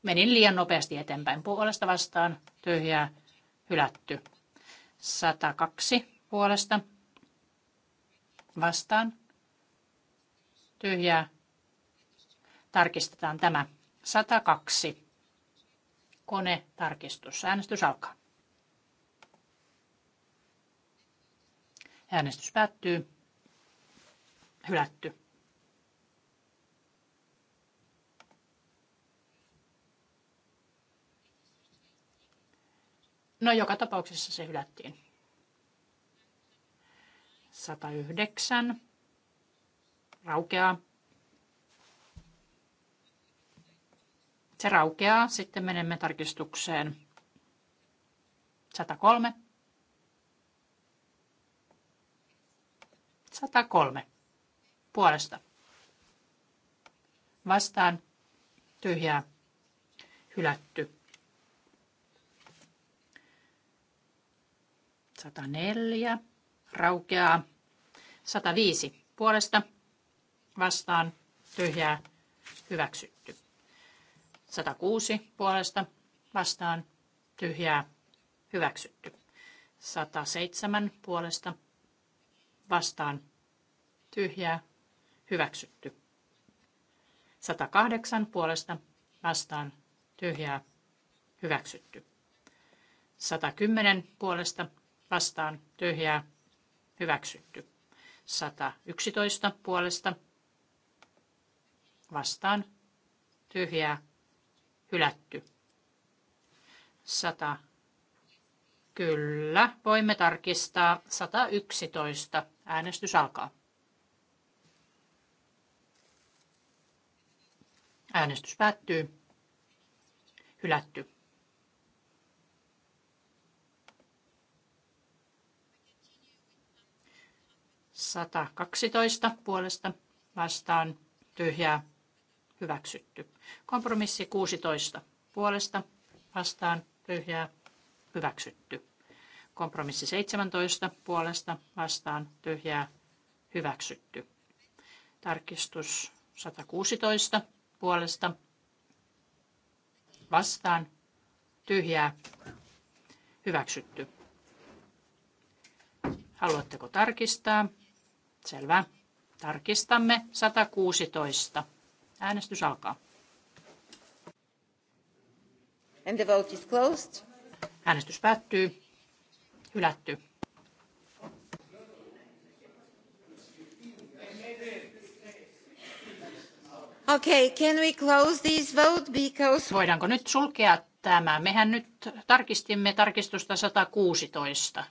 Menin liian nopeasti eteenpäin. Puolesta vastaan tyhjää hylätty. 102 puolesta vastaan tyhjää. Tarkistetaan tämä. 102. Kone tarkistus. Äänestys alkaa. Äänestys päättyy. Hylätty. No joka tapauksessa se hylättiin. 109 raukeaa. Se raukeaa. Sitten menemme tarkistukseen 103. 103 puolesta. Vastaan tyhjää hylätty. 104 raukeaa. 105 puolesta vastaan tyhjää hyväksytty. 106 puolesta vastaan tyhjää hyväksytty. 107 puolesta vastaan tyhjää hyväksytty. 108 puolesta vastaan tyhjää hyväksytty. 110 puolesta vastaan tyhjää hyväksytty. 111 puolesta vastaan tyhjää hylätty. 100. Kyllä, voimme tarkistaa 111. Äänestys alkaa. Äänestys päättyy. Hylätty. 112 puolesta vastaan tyhjää hyväksytty. Kompromissi 16 puolesta vastaan tyhjää hyväksytty. Kompromissi 17 puolesta vastaan tyhjää hyväksytty. Tarkistus 116 puolesta vastaan tyhjää hyväksytty. Haluatteko tarkistaa? Selvä. Tarkistamme 116. Äänestys alkaa. And the vote is closed. Äänestys päättyy. Hylätty. Okay, can we close this vote because... Voidaanko nyt sulkea tämä? Mehän nyt tarkistimme tarkistusta 116.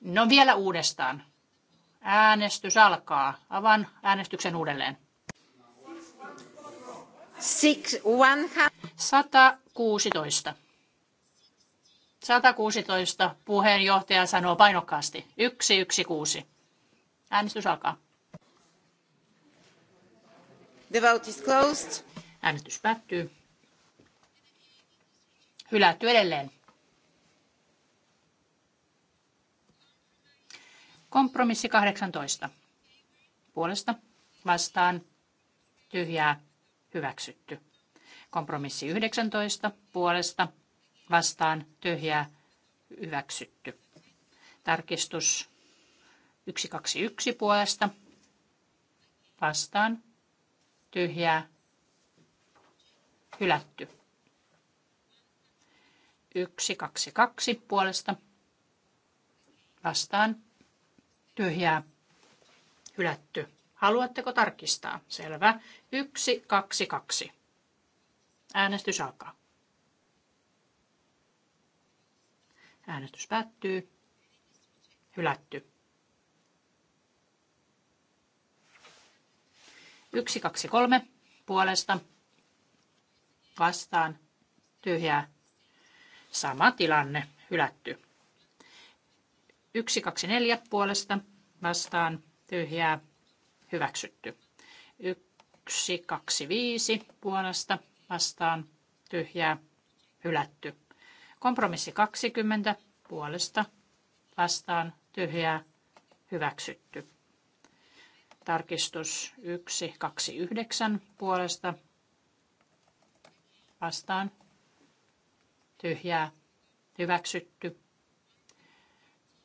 No vielä uudestaan. Äänestys alkaa. Avaan äänestyksen uudelleen. Six, one, 116. 116 puheenjohtaja sanoo painokkaasti. 116. Äänestys alkaa. The vote is closed. Äänestys päättyy. Hylätty edelleen. Kompromissi 18. Puolesta vastaan tyhjää hyväksytty. Kompromissi 19. Puolesta vastaan tyhjää hyväksytty. Tarkistus 121 puolesta vastaan tyhjää hylätty. 122 puolesta vastaan tyhjää, hylätty. Haluatteko tarkistaa? Selvä. Yksi, kaksi, kaksi. Äänestys alkaa. Äänestys päättyy. Hylätty. Yksi, kaksi, kolme. Puolesta. Vastaan. Tyhjää. Sama tilanne. Hylätty. 1, 2, 4 puolesta vastaan tyhjää hyväksytty. 1, 2, 5 puolesta vastaan tyhjää hylätty. Kompromissi 20 puolesta vastaan tyhjää hyväksytty. Tarkistus 1, 2, 9 puolesta vastaan tyhjää hyväksytty.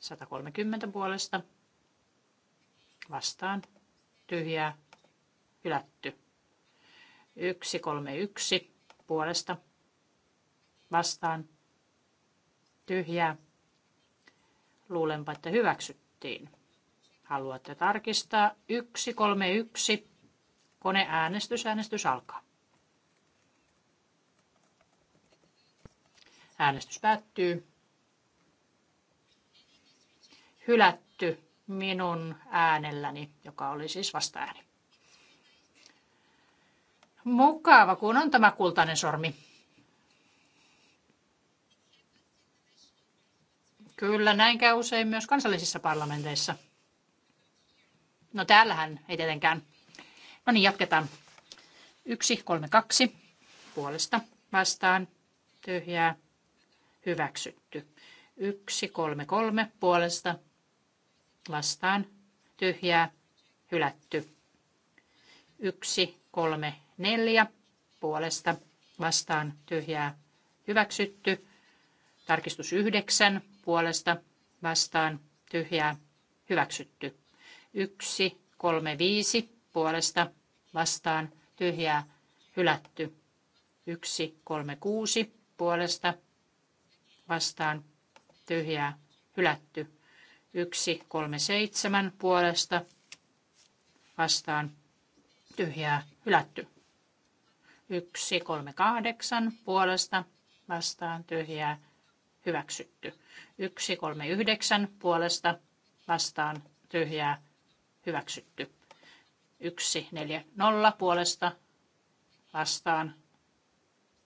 130 puolesta vastaan tyhjää hylätty. 131 puolesta vastaan tyhjää. Luulenpa, että hyväksyttiin. Haluatte tarkistaa 131. Koneäänestys, äänestys alkaa. Äänestys päättyy hylätty minun äänelläni, joka oli siis vastaääni. Mukava, kun on tämä kultainen sormi. Kyllä, näin käy usein myös kansallisissa parlamenteissa. No täällähän ei tietenkään. No niin, jatketaan. Yksi kolme kaksi puolesta vastaan tyhjää hyväksytty. Yksi kolme kolme puolesta vastaan tyhjää hylätty. Yksi, kolme, neljä puolesta vastaan tyhjää hyväksytty. Tarkistus yhdeksän puolesta vastaan tyhjää hyväksytty. Yksi, kolme, viisi puolesta vastaan tyhjää hylätty. Yksi, kolme, kuusi puolesta vastaan tyhjää hylätty. 137 puolesta vastaan tyhjää hylätty. 138 puolesta vastaan tyhjää hyväksytty. 139 puolesta vastaan tyhjää hyväksytty. 140 puolesta vastaan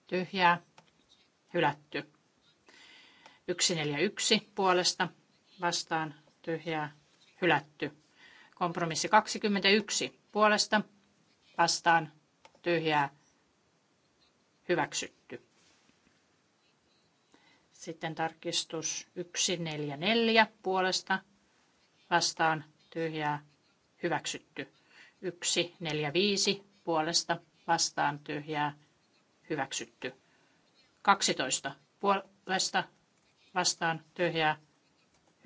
tyhjää hylätty. 141 puolesta vastaan tyhjää hylätty. Kompromissi 21 puolesta vastaan tyhjää hyväksytty. Sitten tarkistus 144 puolesta vastaan tyhjää hyväksytty. 145 puolesta vastaan tyhjää hyväksytty. 12 puolesta vastaan tyhjää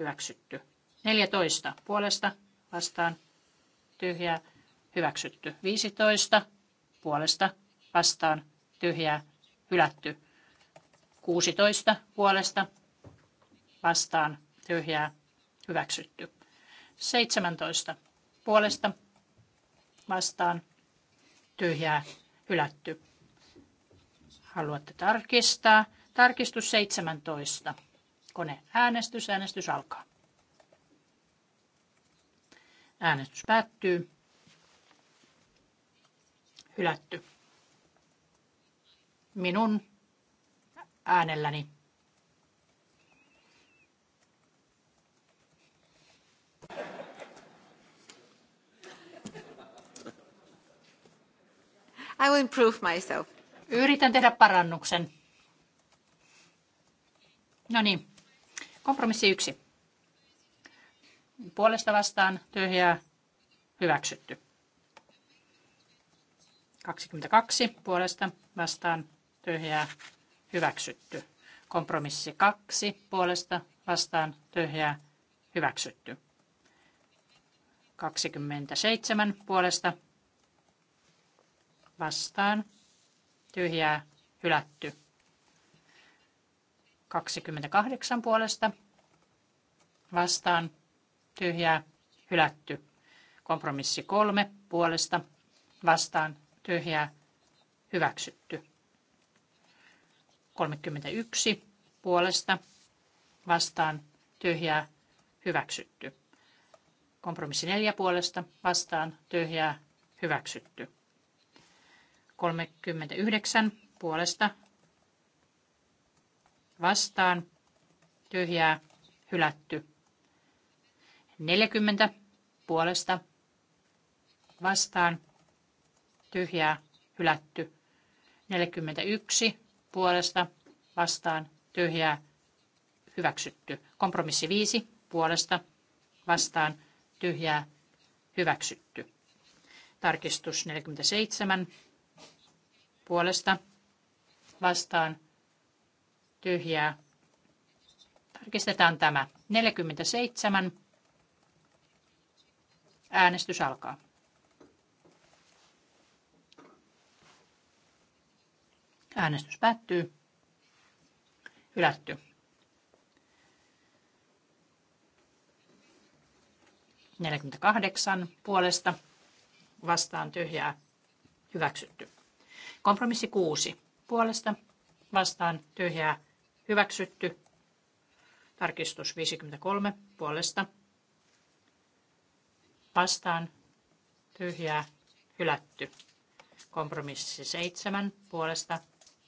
hyväksytty. 14 puolesta vastaan tyhjää hyväksytty. 15 puolesta vastaan tyhjää hylätty. 16 puolesta vastaan tyhjää hyväksytty. 17 puolesta vastaan tyhjää hylätty. Haluatte tarkistaa? Tarkistus 17. Äänestys Äänestys alkaa. Äänestys päättyy. Hylätty. Minun äänelläni. I will improve myself. Yritän tehdä parannuksen. No niin, Kompromissi yksi. Puolesta vastaan tyhjää hyväksytty. 22 puolesta vastaan tyhjää hyväksytty. Kompromissi 2 puolesta vastaan tyhjää hyväksytty. 27 puolesta vastaan tyhjää hylätty. 28 puolesta vastaan tyhjää hylätty. Kompromissi 3 puolesta vastaan tyhjää hyväksytty. 31 puolesta vastaan tyhjää hyväksytty. Kompromissi 4 puolesta vastaan tyhjää hyväksytty. 39 puolesta vastaan, tyhjää, hylätty. 40 puolesta vastaan, tyhjää, hylätty. 41 puolesta vastaan, tyhjää, hyväksytty. Kompromissi 5 puolesta vastaan, tyhjää, hyväksytty. Tarkistus 47 puolesta vastaan, tyhjää. Tarkistetaan tämä. 47. Äänestys alkaa. Äänestys päättyy. Hylätty. 48 puolesta vastaan tyhjää hyväksytty. Kompromissi kuusi puolesta vastaan tyhjää Hyväksytty. Tarkistus 53 puolesta. Vastaan. Tyhjää. Hylätty. Kompromissi 7 puolesta.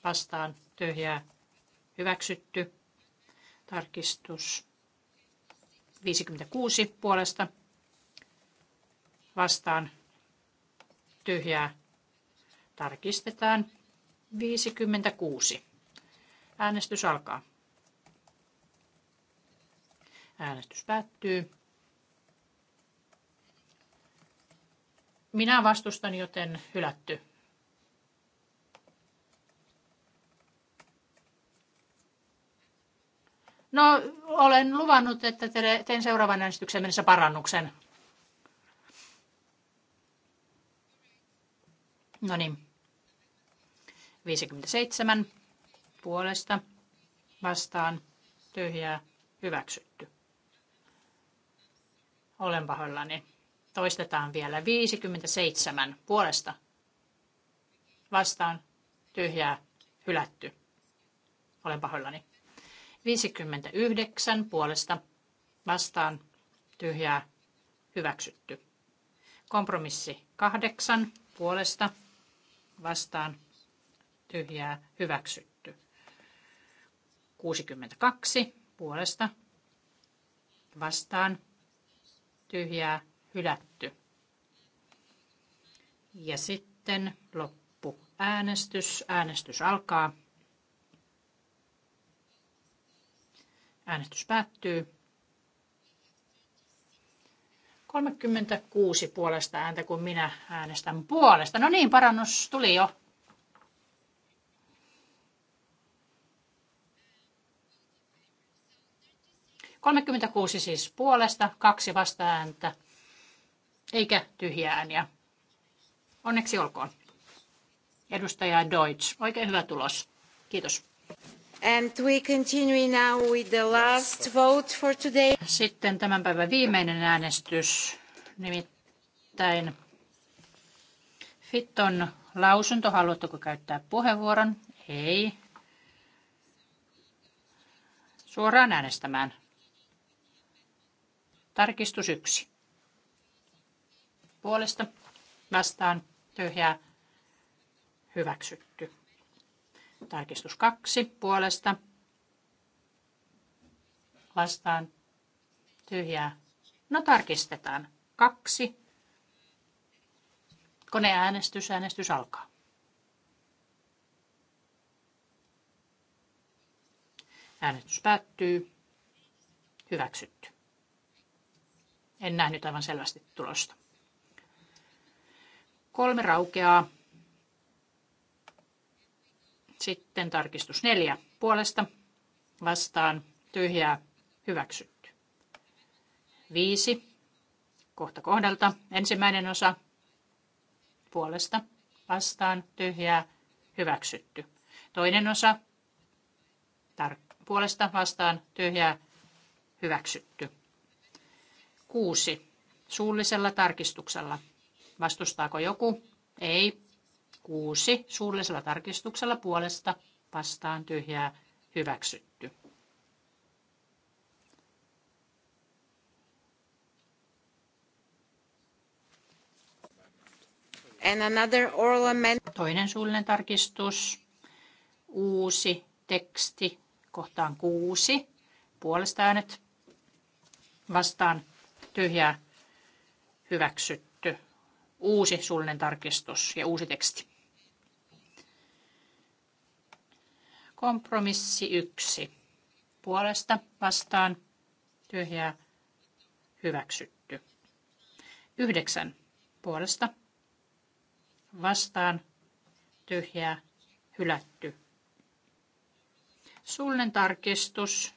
Vastaan. Tyhjää. Hyväksytty. Tarkistus 56 puolesta. Vastaan. Tyhjää. Tarkistetaan. 56. Äänestys alkaa. Äänestys päättyy. Minä vastustan, joten hylätty. No, olen luvannut, että teen seuraavan äänestyksen mennessä parannuksen. No niin. 57 puolesta vastaan tyhjää hyväksytty. Olen pahoillani. Toistetaan vielä 57 puolesta vastaan tyhjää hylätty. Olen pahoillani. 59 puolesta vastaan tyhjää hyväksytty. Kompromissi 8 puolesta vastaan tyhjää hyväksytty. 62 puolesta vastaan tyhjää hylätty. Ja sitten loppu äänestys. Äänestys alkaa. Äänestys päättyy. 36 puolesta ääntä, kun minä äänestän puolesta. No niin, parannus tuli jo. 36 siis puolesta, kaksi vastaääntä, eikä tyhjää ääniä. Onneksi olkoon. Edustaja Deutsch, oikein hyvä tulos. Kiitos. And we continue now with the last vote for today. Sitten tämän päivän viimeinen äänestys, nimittäin Fitton lausunto. Haluatteko käyttää puheenvuoron? Ei. Suoraan äänestämään. Tarkistus 1. Puolesta vastaan tyhjää hyväksytty. Tarkistus 2. Puolesta vastaan tyhjää. No tarkistetaan. Kaksi. Koneäänestys, äänestys alkaa. Äänestys päättyy. Hyväksytty. En nähnyt aivan selvästi tulosta. Kolme raukeaa. Sitten tarkistus neljä puolesta vastaan tyhjää hyväksytty. Viisi kohta kohdalta. Ensimmäinen osa puolesta vastaan tyhjää hyväksytty. Toinen osa tar- puolesta vastaan tyhjää hyväksytty. Kuusi. Suullisella tarkistuksella. Vastustaako joku? Ei. Kuusi. Suullisella tarkistuksella puolesta vastaan tyhjää hyväksytty. And another oral amendment. Toinen suullinen tarkistus. Uusi teksti kohtaan kuusi. Puolesta äänet vastaan tyhjä hyväksytty. Uusi suullinen tarkistus ja uusi teksti. Kompromissi yksi. Puolesta vastaan tyhjää hyväksytty. Yhdeksän puolesta vastaan tyhjää hylätty. Suullinen tarkistus,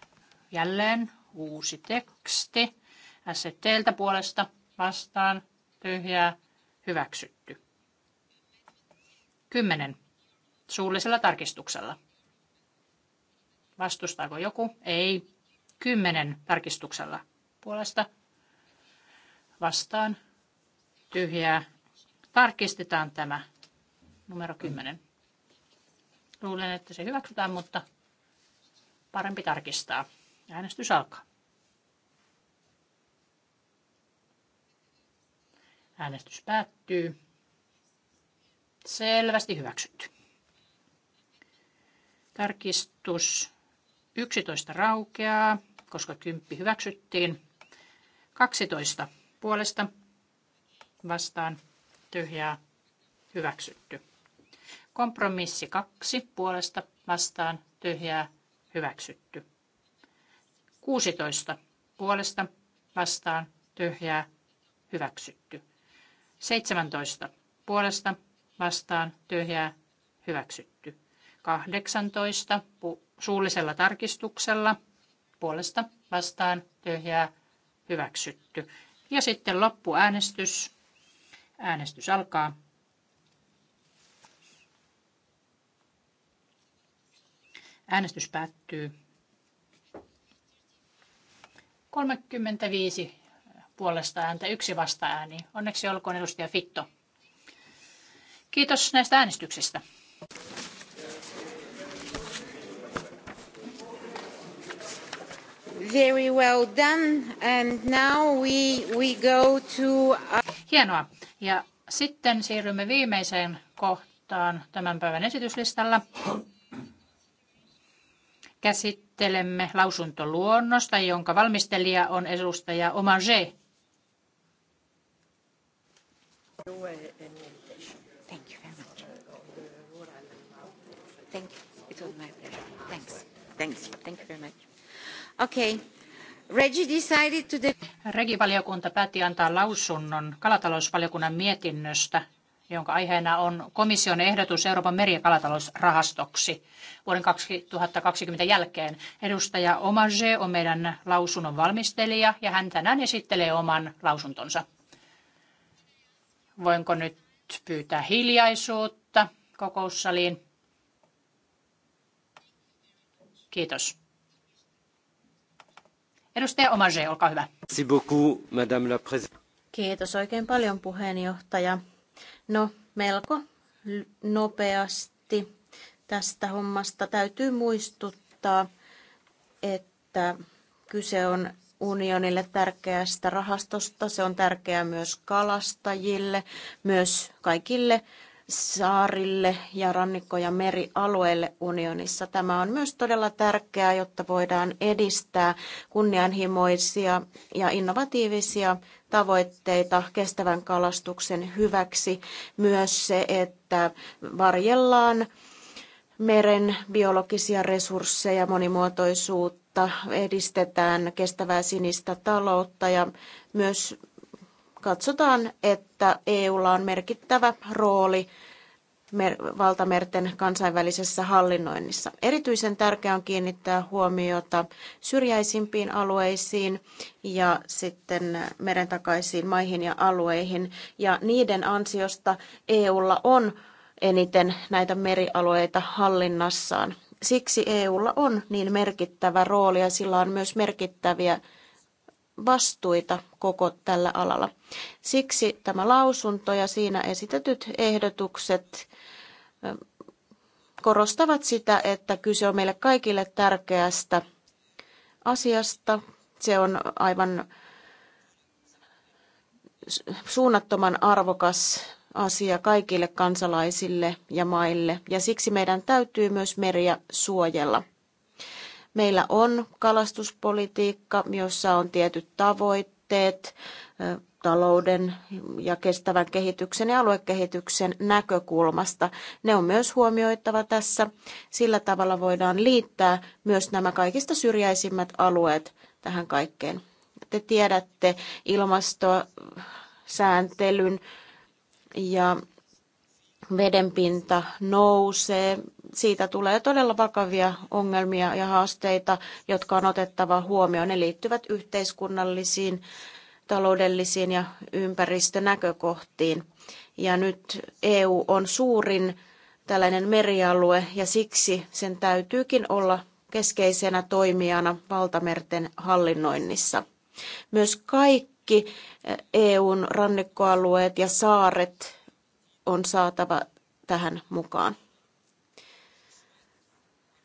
jälleen uusi teksti STltä puolesta vastaan tyhjää hyväksytty. 10. Suullisella tarkistuksella. Vastustaako joku? Ei. 10 tarkistuksella puolesta vastaan tyhjää. Tarkistetaan tämä numero 10. Luulen, että se hyväksytään, mutta parempi tarkistaa. Äänestys alkaa. Äänestys päättyy. Selvästi hyväksytty. Tarkistus 11 raukeaa, koska 10 hyväksyttiin. 12 puolesta vastaan tyhjää hyväksytty. Kompromissi 2 puolesta vastaan tyhjää hyväksytty. 16 puolesta vastaan tyhjää hyväksytty. 17 puolesta vastaan tyhjää hyväksytty. 18 suullisella tarkistuksella puolesta vastaan tyhjää hyväksytty. Ja sitten loppuäänestys. Äänestys alkaa. Äänestys päättyy. 35 puolesta ääntä, yksi vasta ääni. Onneksi olkoon edustaja Fitto. Kiitos näistä äänestyksistä. Very well done. And now we, we go to... Uh, Hienoa. Ja sitten siirrymme viimeiseen kohtaan tämän päivän esityslistalla. Käsittelemme lausuntoluonnosta, jonka valmistelija on edustaja Omanger. Thank you. It was my pleasure. Thanks. Thanks. Thank you very much. Okay. Regi decided to the... päätti antaa lausunnon kalatalousvaliokunnan mietinnöstä, jonka aiheena on komission ehdotus Euroopan meri- ja kalatalousrahastoksi vuoden 2020 jälkeen. Edustaja Omage on meidän lausunnon valmistelija ja hän tänään esittelee oman lausuntonsa. Voinko nyt pyytää hiljaisuutta kokoussaliin? Kiitos. Edustaja Omage, olkaa hyvä. Kiitos oikein paljon puheenjohtaja. No, melko nopeasti tästä hommasta täytyy muistuttaa, että kyse on unionille tärkeästä rahastosta. Se on tärkeää myös kalastajille, myös kaikille saarille ja rannikko- ja merialueille unionissa. Tämä on myös todella tärkeää, jotta voidaan edistää kunnianhimoisia ja innovatiivisia tavoitteita kestävän kalastuksen hyväksi. Myös se, että varjellaan meren biologisia resursseja, monimuotoisuutta, edistetään kestävää sinistä taloutta ja myös katsotaan, että EUlla on merkittävä rooli valtamerten kansainvälisessä hallinnoinnissa. Erityisen tärkeää on kiinnittää huomiota syrjäisimpiin alueisiin ja sitten merentakaisiin maihin ja alueihin. Ja niiden ansiosta EUlla on eniten näitä merialueita hallinnassaan. Siksi EUlla on niin merkittävä rooli ja sillä on myös merkittäviä vastuita koko tällä alalla. Siksi tämä lausunto ja siinä esitetyt ehdotukset korostavat sitä, että kyse on meille kaikille tärkeästä asiasta. Se on aivan suunnattoman arvokas asia kaikille kansalaisille ja maille, ja siksi meidän täytyy myös meriä suojella. Meillä on kalastuspolitiikka, jossa on tietyt tavoitteet talouden ja kestävän kehityksen ja aluekehityksen näkökulmasta. Ne on myös huomioitava tässä. Sillä tavalla voidaan liittää myös nämä kaikista syrjäisimmät alueet tähän kaikkeen. Te tiedätte ilmastosääntelyn ja vedenpinta nousee. Siitä tulee todella vakavia ongelmia ja haasteita, jotka on otettava huomioon. Ne liittyvät yhteiskunnallisiin, taloudellisiin ja ympäristönäkökohtiin. Ja nyt EU on suurin tällainen merialue ja siksi sen täytyykin olla keskeisenä toimijana valtamerten hallinnoinnissa. Myös kaikki EUn rannikkoalueet ja saaret on saatava tähän mukaan.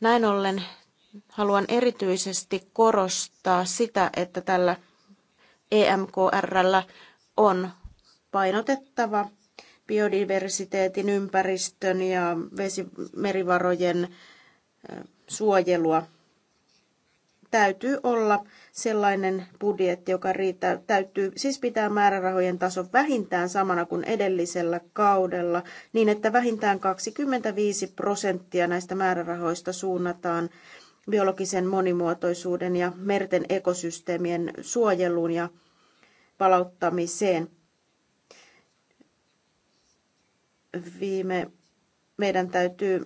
Näin ollen haluan erityisesti korostaa sitä, että tällä EMKRllä on painotettava biodiversiteetin, ympäristön ja vesimerivarojen suojelua täytyy olla sellainen budjetti, joka riittää, täytyy siis pitää määrärahojen taso vähintään samana kuin edellisellä kaudella, niin että vähintään 25 prosenttia näistä määrärahoista suunnataan biologisen monimuotoisuuden ja merten ekosysteemien suojeluun ja palauttamiseen. Viime, meidän täytyy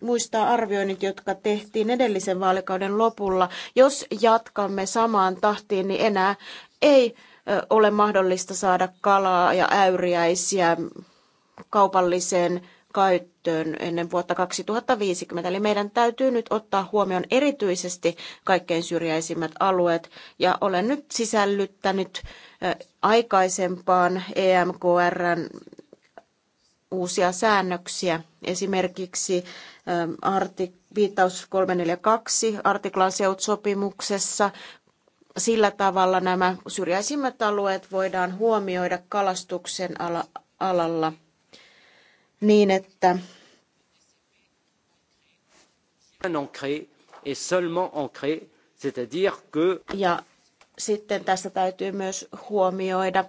muistaa arvioinnit, jotka tehtiin edellisen vaalikauden lopulla. Jos jatkamme samaan tahtiin, niin enää ei ole mahdollista saada kalaa ja äyriäisiä kaupalliseen käyttöön ennen vuotta 2050. Eli meidän täytyy nyt ottaa huomioon erityisesti kaikkein syrjäisimmät alueet. Ja olen nyt sisällyttänyt aikaisempaan EMKRn uusia säännöksiä, esimerkiksi artik- viittaus 342 artiklan seutsopimuksessa. Sillä tavalla nämä syrjäisimmät alueet voidaan huomioida kalastuksen ala- alalla niin, että ja sitten tässä täytyy myös huomioida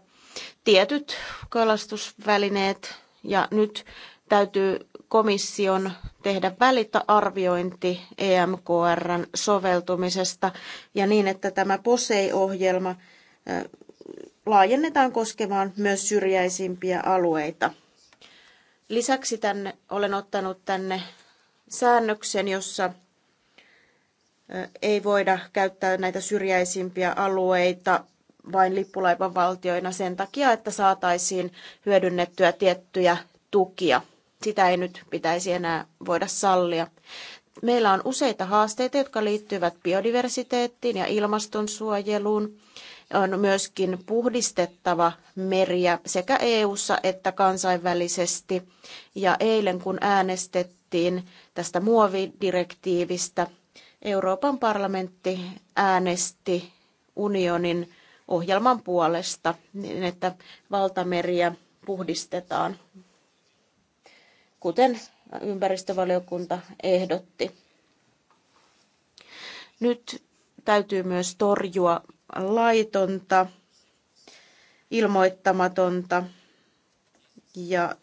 tietyt kalastusvälineet ja nyt täytyy komission tehdä arviointi EMKRn soveltumisesta ja niin, että tämä POSEI-ohjelma laajennetaan koskemaan myös syrjäisimpiä alueita. Lisäksi tänne, olen ottanut tänne säännöksen, jossa ei voida käyttää näitä syrjäisimpiä alueita vain lippulaivan valtioina sen takia, että saataisiin hyödynnettyä tiettyjä tukia sitä ei nyt pitäisi enää voida sallia. Meillä on useita haasteita, jotka liittyvät biodiversiteettiin ja ilmastonsuojeluun. On myöskin puhdistettava meriä sekä EU:ssa että kansainvälisesti. Ja eilen kun äänestettiin tästä muovidirektiivistä, Euroopan parlamentti äänesti unionin ohjelman puolesta, niin että valtameriä puhdistetaan kuten ympäristövaliokunta ehdotti. Nyt täytyy myös torjua laitonta, ilmoittamatonta ja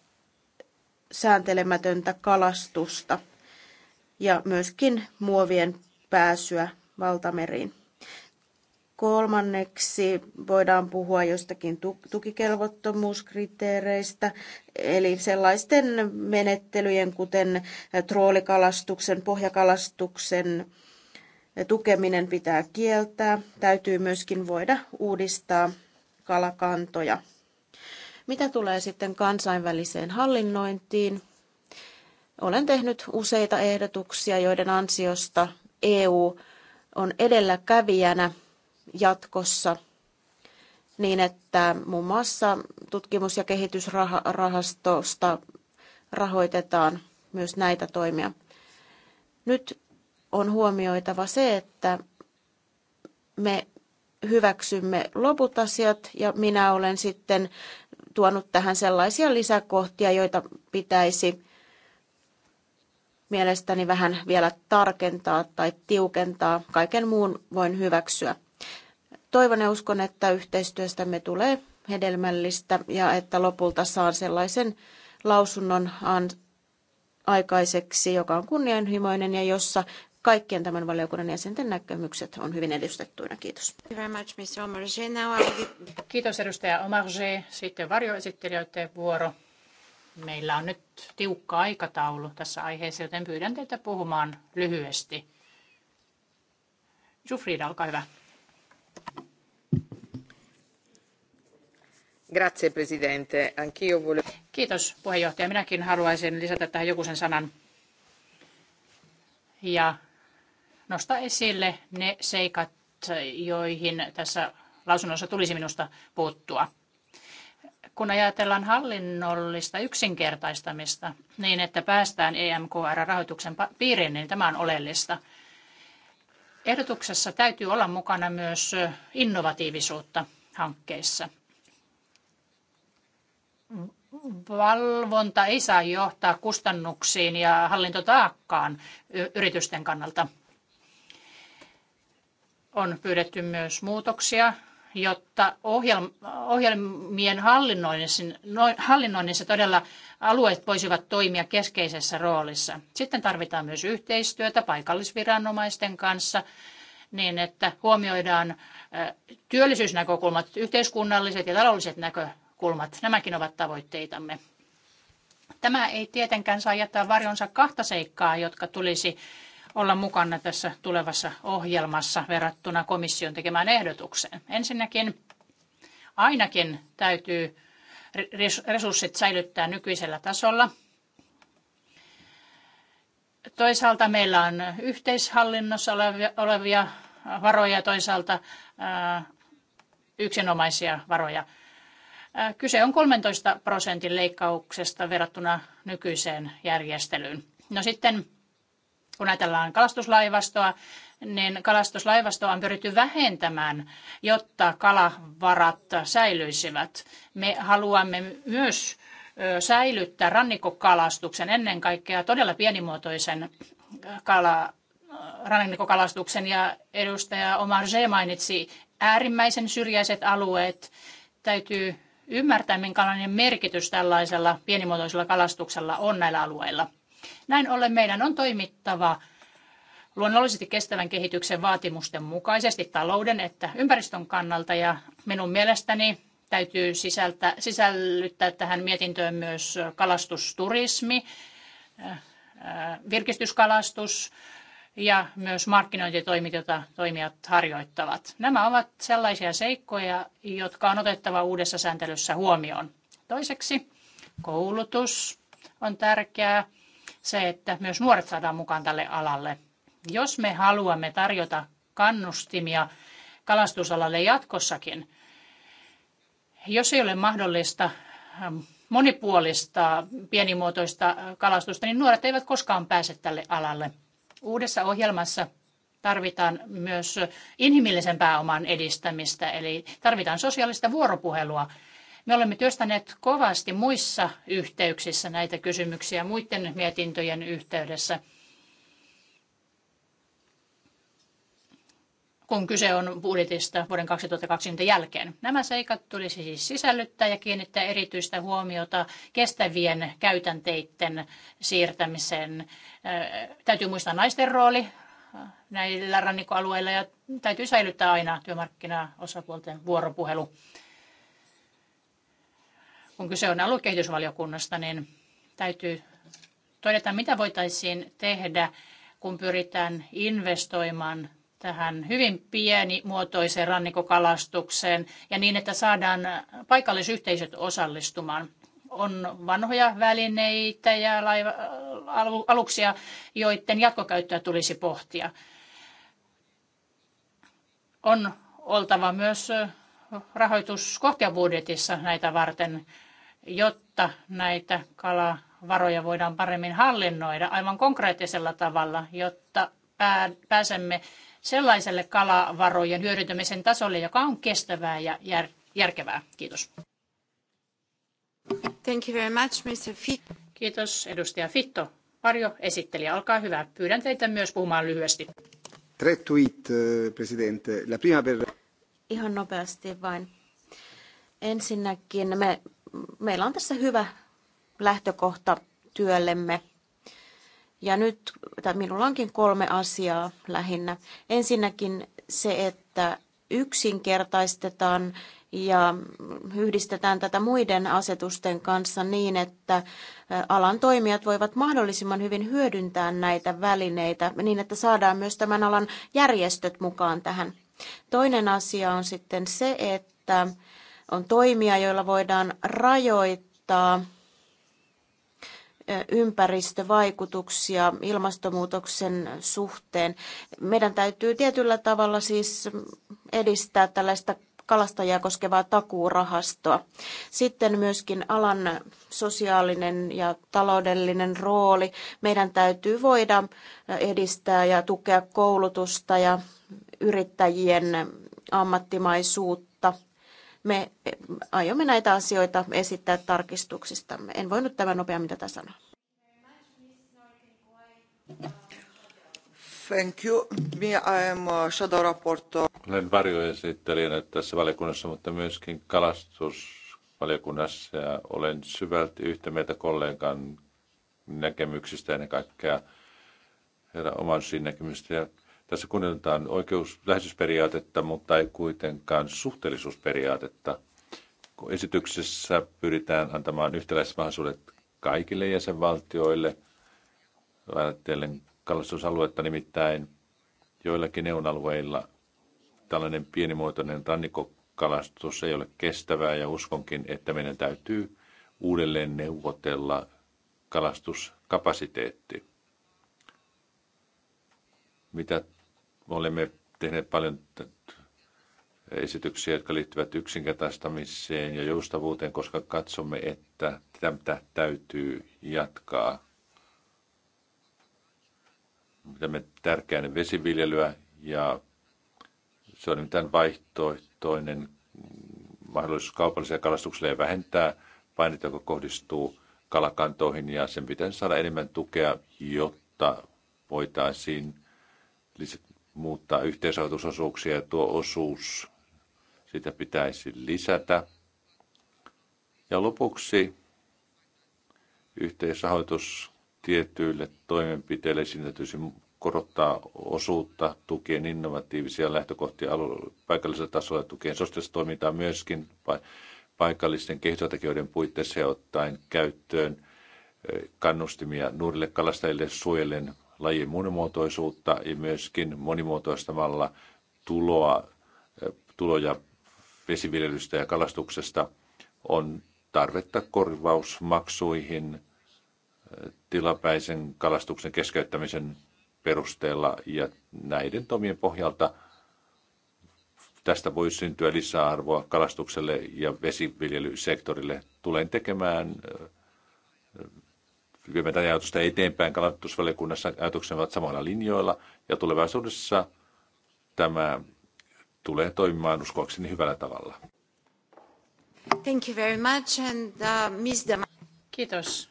sääntelemätöntä kalastusta ja myöskin muovien pääsyä valtameriin. Kolmanneksi voidaan puhua jostakin tukikelvottomuuskriteereistä, eli sellaisten menettelyjen, kuten troolikalastuksen, pohjakalastuksen tukeminen pitää kieltää. Täytyy myöskin voida uudistaa kalakantoja. Mitä tulee sitten kansainväliseen hallinnointiin? Olen tehnyt useita ehdotuksia, joiden ansiosta EU on edelläkävijänä jatkossa niin, että muun mm. muassa tutkimus- ja kehitysrahastosta rahoitetaan myös näitä toimia. Nyt on huomioitava se, että me hyväksymme loput asiat ja minä olen sitten tuonut tähän sellaisia lisäkohtia, joita pitäisi mielestäni vähän vielä tarkentaa tai tiukentaa. Kaiken muun voin hyväksyä. Toivon ja uskon, että yhteistyöstämme tulee hedelmällistä ja että lopulta saan sellaisen lausunnon aikaiseksi, joka on kunnianhimoinen ja jossa kaikkien tämän valiokunnan jäsenten näkemykset on hyvin edustettuina. Kiitos. Kiitos edustaja Omarje. Sitten varjoesittelijöiden vuoro. Meillä on nyt tiukka aikataulu tässä aiheessa, joten pyydän teitä puhumaan lyhyesti. Jufrida, olkaa hyvä. Kiitos puheenjohtaja. Minäkin haluaisin lisätä tähän joku sanan ja nostaa esille ne seikat, joihin tässä lausunnossa tulisi minusta puuttua. Kun ajatellaan hallinnollista yksinkertaistamista niin, että päästään EMKR-rahoituksen piiriin, niin tämä on oleellista. Ehdotuksessa täytyy olla mukana myös innovatiivisuutta hankkeissa. Valvonta ei saa johtaa kustannuksiin ja hallintotaakkaan yritysten kannalta. On pyydetty myös muutoksia jotta ohjelmien hallinnoinnissa, hallinnoinnissa todella alueet voisivat toimia keskeisessä roolissa. Sitten tarvitaan myös yhteistyötä paikallisviranomaisten kanssa niin, että huomioidaan työllisyysnäkökulmat, yhteiskunnalliset ja taloudelliset näkökulmat. Nämäkin ovat tavoitteitamme. Tämä ei tietenkään saa jättää varjonsa kahta seikkaa, jotka tulisi olla mukana tässä tulevassa ohjelmassa verrattuna komission tekemään ehdotukseen? Ensinnäkin ainakin täytyy resurssit säilyttää nykyisellä tasolla. Toisaalta meillä on yhteishallinnossa olevia varoja ja toisaalta yksinomaisia varoja. Kyse on 13 prosentin leikkauksesta verrattuna nykyiseen järjestelyyn. No sitten kun ajatellaan kalastuslaivastoa, niin kalastuslaivastoa on pyritty vähentämään, jotta kalavarat säilyisivät. Me haluamme myös säilyttää rannikkokalastuksen, ennen kaikkea todella pienimuotoisen kala, rannikkokalastuksen. Ja edustaja Omar Z. mainitsi äärimmäisen syrjäiset alueet. Täytyy ymmärtää, minkälainen merkitys tällaisella pienimuotoisella kalastuksella on näillä alueilla. Näin ollen meidän on toimittava luonnollisesti kestävän kehityksen vaatimusten mukaisesti talouden että ympäristön kannalta ja minun mielestäni täytyy sisältä, sisällyttää tähän mietintöön myös kalastusturismi, äh, äh, virkistyskalastus ja myös markkinointitoimit, joita toimijat harjoittavat. Nämä ovat sellaisia seikkoja, jotka on otettava uudessa sääntelyssä huomioon. Toiseksi koulutus on tärkeää se, että myös nuoret saadaan mukaan tälle alalle. Jos me haluamme tarjota kannustimia kalastusalalle jatkossakin, jos ei ole mahdollista ähm, monipuolista pienimuotoista kalastusta, niin nuoret eivät koskaan pääse tälle alalle. Uudessa ohjelmassa tarvitaan myös inhimillisen pääoman edistämistä, eli tarvitaan sosiaalista vuoropuhelua me olemme työstäneet kovasti muissa yhteyksissä näitä kysymyksiä muiden mietintöjen yhteydessä. kun kyse on budjetista vuoden 2020 jälkeen. Nämä seikat tulisi siis sisällyttää ja kiinnittää erityistä huomiota kestävien käytänteiden siirtämiseen. Äh, täytyy muistaa naisten rooli näillä rannikkoalueilla ja täytyy säilyttää aina työmarkkinaosapuolten vuoropuhelu kun kyse on aluekehitysvaliokunnasta, niin täytyy todeta, mitä voitaisiin tehdä, kun pyritään investoimaan tähän hyvin pienimuotoiseen rannikokalastukseen ja niin, että saadaan paikallisyhteisöt osallistumaan. On vanhoja välineitä ja laiva, aluksia, joiden jatkokäyttöä tulisi pohtia. On oltava myös rahoitus budjetissa näitä varten jotta näitä kalavaroja voidaan paremmin hallinnoida aivan konkreettisella tavalla, jotta pääsemme sellaiselle kalavarojen hyödyntämisen tasolle, joka on kestävää ja järkevää. Kiitos. Thank you very much, Mr. Fitto. Kiitos, edustaja Fitto. Varjo, esittelijä, olkaa hyvä. Pyydän teitä myös puhumaan lyhyesti. Tre tweet, eh, presidente. La prima per... Ihan nopeasti vain. Ensinnäkin me meillä on tässä hyvä lähtökohta työllemme. Ja nyt tai minulla onkin kolme asiaa lähinnä. Ensinnäkin se, että yksinkertaistetaan ja yhdistetään tätä muiden asetusten kanssa niin, että alan toimijat voivat mahdollisimman hyvin hyödyntää näitä välineitä niin, että saadaan myös tämän alan järjestöt mukaan tähän. Toinen asia on sitten se, että on toimia, joilla voidaan rajoittaa ympäristövaikutuksia ilmastonmuutoksen suhteen. Meidän täytyy tietyllä tavalla siis edistää tällaista kalastajia koskevaa takuurahastoa. Sitten myöskin alan sosiaalinen ja taloudellinen rooli. Meidän täytyy voida edistää ja tukea koulutusta ja yrittäjien ammattimaisuutta me eh, aiomme näitä asioita esittää tarkistuksista. En voinut tämän nopeammin tätä sanoa. Thank you. Me, I am uh, shadow rapporteur. Olen varjoesittelijänä tässä valiokunnassa, mutta myöskin kalastusvaliokunnassa. Ja olen syvälti yhtä mieltä kollegan näkemyksistä ennen kaikkea heidän oman näkemystä ja tässä kunnioitetaan oikeuslähdysperiaatetta, mutta ei kuitenkaan suhteellisuusperiaatetta. Esityksessä pyritään antamaan yhtäläiset mahdollisuudet kaikille jäsenvaltioille, ajattelen kalastusaluetta nimittäin joillakin EU-alueilla tällainen pienimuotoinen rannikokalastus ei ole kestävää ja uskonkin, että meidän täytyy uudelleen neuvotella kalastuskapasiteetti. Mitä me olemme tehneet paljon esityksiä, jotka liittyvät yksinkertaistamiseen ja joustavuuteen, koska katsomme, että tätä täytyy jatkaa. Pidämme tärkeänä vesiviljelyä ja se on nimittäin vaihtoehtoinen mahdollisuus kaupalliselle kalastukselle vähentää painetta, joka kohdistuu kalakantoihin ja sen pitäisi saada enemmän tukea, jotta voitaisiin lisätä muuttaa yhteisrahoitusosuuksia ja tuo osuus, sitä pitäisi lisätä. Ja lopuksi yhteisrahoitus tietyille toimenpiteille, siinä täytyisi korottaa osuutta tukien innovatiivisia lähtökohtia paikallisella tasolla tukien sosiaalista toimintaa myöskin paikallisten kehitystekijöiden puitteissa ottaen käyttöön eh, kannustimia nuorille kalastajille suojellen lajin monimuotoisuutta ja myöskin monimuotoistamalla tuloa, tuloja vesiviljelystä ja kalastuksesta on tarvetta korvausmaksuihin tilapäisen kalastuksen keskeyttämisen perusteella ja näiden toimien pohjalta tästä voi syntyä lisäarvoa kalastukselle ja vesiviljelysektorille. Tulen tekemään tätä ajatusta eteenpäin. Kalastusvaliokunnassa ajatuksena ovat samoilla linjoilla ja tulevaisuudessa tämä tulee toimimaan uskoakseni hyvällä tavalla. Thank you very much and uh, Ms. Kiitos.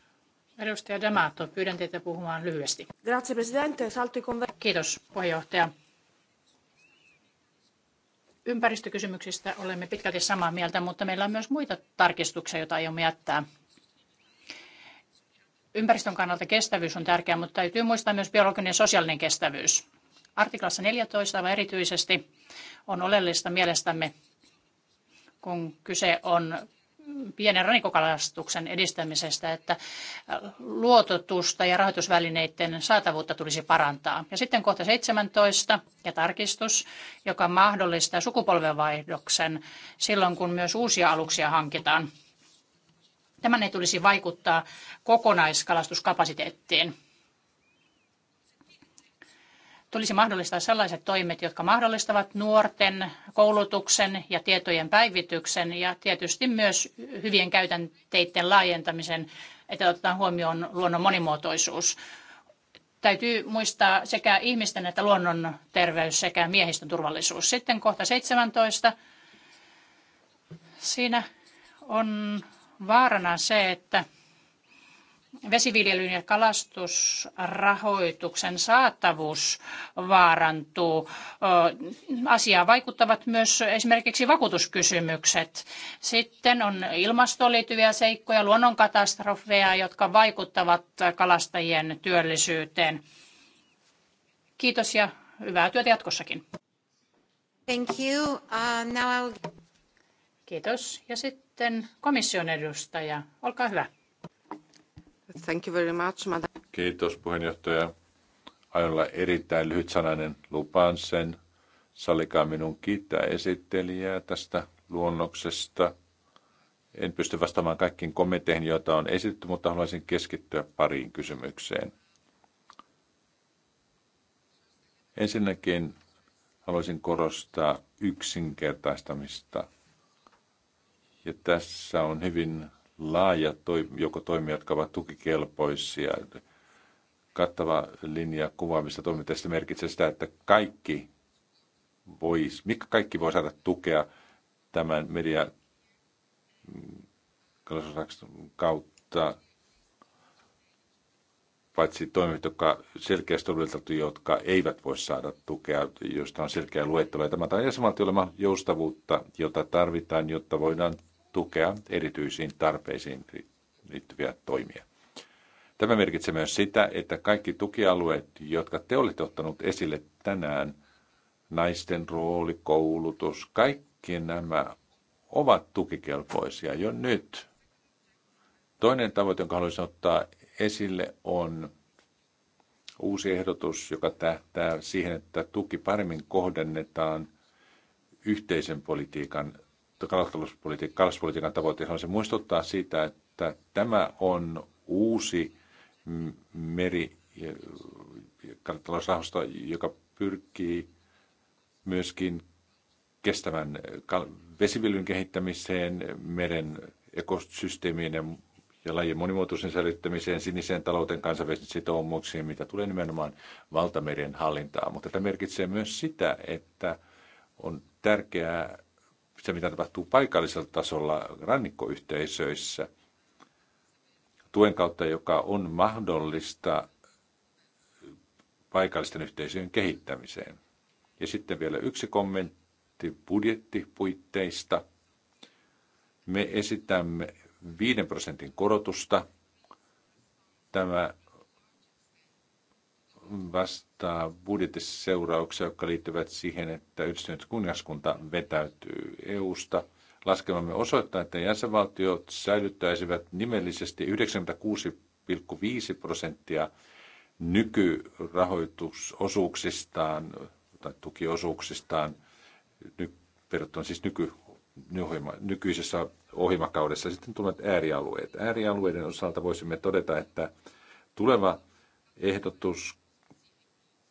Edustaja Damato, pyydän teitä puhumaan lyhyesti. Grazie Presidente, salto Kiitos puheenjohtaja. Ympäristökysymyksistä olemme pitkälti samaa mieltä, mutta meillä on myös muita tarkistuksia, joita aiomme jättää Ympäristön kannalta kestävyys on tärkeää, mutta täytyy muistaa myös biologinen ja sosiaalinen kestävyys. Artiklassa 14 aivan erityisesti on oleellista mielestämme, kun kyse on pienen rannikokalastuksen edistämisestä, että luototusta ja rahoitusvälineiden saatavuutta tulisi parantaa. Ja sitten kohta 17 ja tarkistus, joka mahdollistaa sukupolvenvaihdoksen silloin, kun myös uusia aluksia hankitaan. Tämän ei tulisi vaikuttaa kokonaiskalastuskapasiteettiin. Tulisi mahdollistaa sellaiset toimet, jotka mahdollistavat nuorten koulutuksen ja tietojen päivityksen ja tietysti myös hyvien käytänteiden laajentamisen, että otetaan huomioon luonnon monimuotoisuus. Täytyy muistaa sekä ihmisten että luonnon terveys sekä miehistön turvallisuus. Sitten kohta 17. Siinä on vaarana se, että vesiviljelyn ja kalastusrahoituksen saatavuus vaarantuu. Asiaan vaikuttavat myös esimerkiksi vakuutuskysymykset. Sitten on ilmastoon liittyviä seikkoja, luonnonkatastrofeja, jotka vaikuttavat kalastajien työllisyyteen. Kiitos ja hyvää työtä jatkossakin. Thank you. Uh, now I'll... Kiitos. Ja sitten sitten komission edustaja. Olkaa hyvä. Thank you very much, madam. Kiitos puheenjohtaja. Aion olla erittäin lyhyt sananen. Lupaan sen. Sallikaa minun kiittää esittelijää tästä luonnoksesta. En pysty vastaamaan kaikkiin kommentteihin, joita on esitetty, mutta haluaisin keskittyä pariin kysymykseen. Ensinnäkin haluaisin korostaa yksinkertaistamista – ja tässä on hyvin laaja toi, joko toimia, jotka ovat tukikelpoisia. Kattava linja kuvaamista toimintaista merkitsee sitä, että kaikki vois, mikä kaikki voi saada tukea tämän media kautta, paitsi toimijat, jotka selkeästi on jotka eivät voi saada tukea, josta on selkeä luettelo. Ja tämä on olemaan joustavuutta, jota tarvitaan, jotta voidaan tukea erityisiin tarpeisiin liittyviä toimia. Tämä merkitsee myös sitä, että kaikki tukialueet, jotka te olette ottanut esille tänään, naisten rooli, koulutus, kaikki nämä ovat tukikelpoisia jo nyt. Toinen tavoite, jonka haluaisin ottaa esille, on uusi ehdotus, joka tähtää siihen, että tuki paremmin kohdennetaan yhteisen politiikan kalastuspolitiikan tavoite. se muistuttaa siitä, että tämä on uusi meri kalatalousrahasto, joka pyrkii myöskin kestävän vesiviljyn kehittämiseen, meren ekosysteemien ja, ja lajien monimuotoisen säilyttämiseen, siniseen talouteen, kansainvälisiin sitoumuksiin, mitä tulee nimenomaan valtamerien hallintaan. Mutta tämä merkitsee myös sitä, että on tärkeää se, mitä tapahtuu paikallisella tasolla rannikkoyhteisöissä. Tuen kautta, joka on mahdollista paikallisten yhteisöjen kehittämiseen. Ja sitten vielä yksi kommentti budjettipuitteista. Me esitämme 5 prosentin korotusta. Tämä vastaa budjettiseurauksia, jotka liittyvät siihen, että yhdistynyt kuningaskunta vetäytyy EUsta. Laskelmamme osoittaa, että jäsenvaltiot säilyttäisivät nimellisesti 96,5 prosenttia nykyrahoitusosuuksistaan tai tukiosuuksistaan verrattuna siis nyky, nykyisessä ohjelmakaudessa. Sitten tulevat äärialueet. Äärialueiden osalta voisimme todeta, että tuleva ehdotus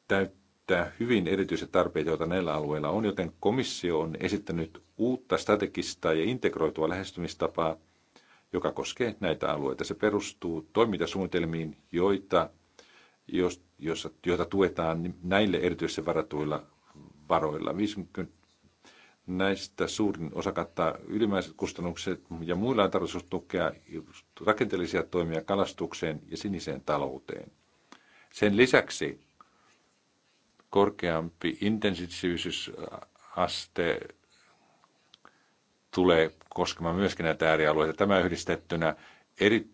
täyttää hyvin erityiset tarpeet, joita näillä alueilla on, joten komissio on esittänyt uutta strategista ja integroitua lähestymistapaa, joka koskee näitä alueita. Se perustuu toimintasuunnitelmiin, joita, jos, jossa, joita tuetaan näille erityisesti varatuilla varoilla. 50 näistä suurin osa kattaa ylimääräiset kustannukset ja muilla on tarkoitus tukea rakenteellisia toimia kalastukseen ja siniseen talouteen. Sen lisäksi korkeampi intensiivisyysaste tulee koskemaan myöskin näitä äärialueita. Tämä yhdistettynä eri,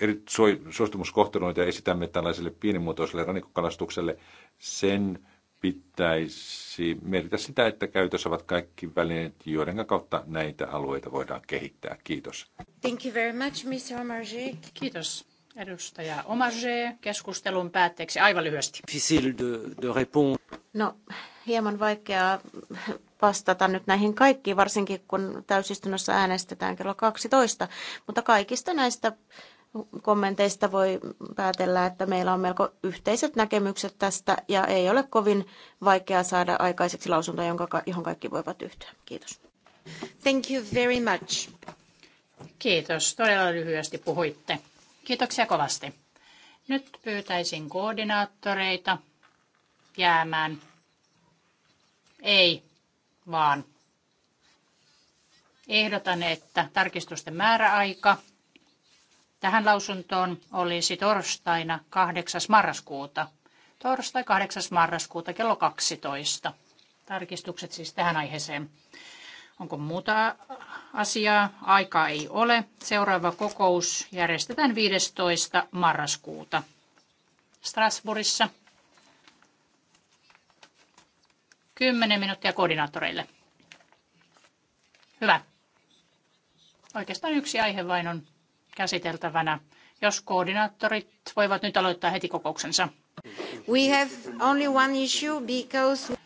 eri suostumuskohteluita esitämme tällaiselle pienimuotoiselle rannikkokalastukselle. Sen pitäisi merkitä sitä, että käytössä ovat kaikki välineet, joiden kautta näitä alueita voidaan kehittää. Kiitos. Thank you very much, Mr. Kiitos. Edustaja Omage, keskustelun päätteeksi aivan lyhyesti. No, hieman vaikeaa vastata nyt näihin kaikkiin, varsinkin kun täysistunnossa äänestetään kello 12. Mutta kaikista näistä kommenteista voi päätellä, että meillä on melko yhteiset näkemykset tästä ja ei ole kovin vaikeaa saada aikaiseksi lausuntoa, jonka, johon kaikki voivat yhtyä. Kiitos. Thank you very much. Kiitos. Todella lyhyesti puhuitte. Kiitoksia kovasti. Nyt pyytäisin koordinaattoreita jäämään. Ei, vaan ehdotan, että tarkistusten määräaika tähän lausuntoon olisi torstaina 8. marraskuuta. Torstai 8. marraskuuta kello 12. Tarkistukset siis tähän aiheeseen. Onko muuta asiaa. Aikaa ei ole. Seuraava kokous järjestetään 15. marraskuuta Strasbourgissa. 10 minuuttia koordinaattoreille. Hyvä. Oikeastaan yksi aihe vain on käsiteltävänä, jos koordinaattorit voivat nyt aloittaa heti kokouksensa. We have only one issue because...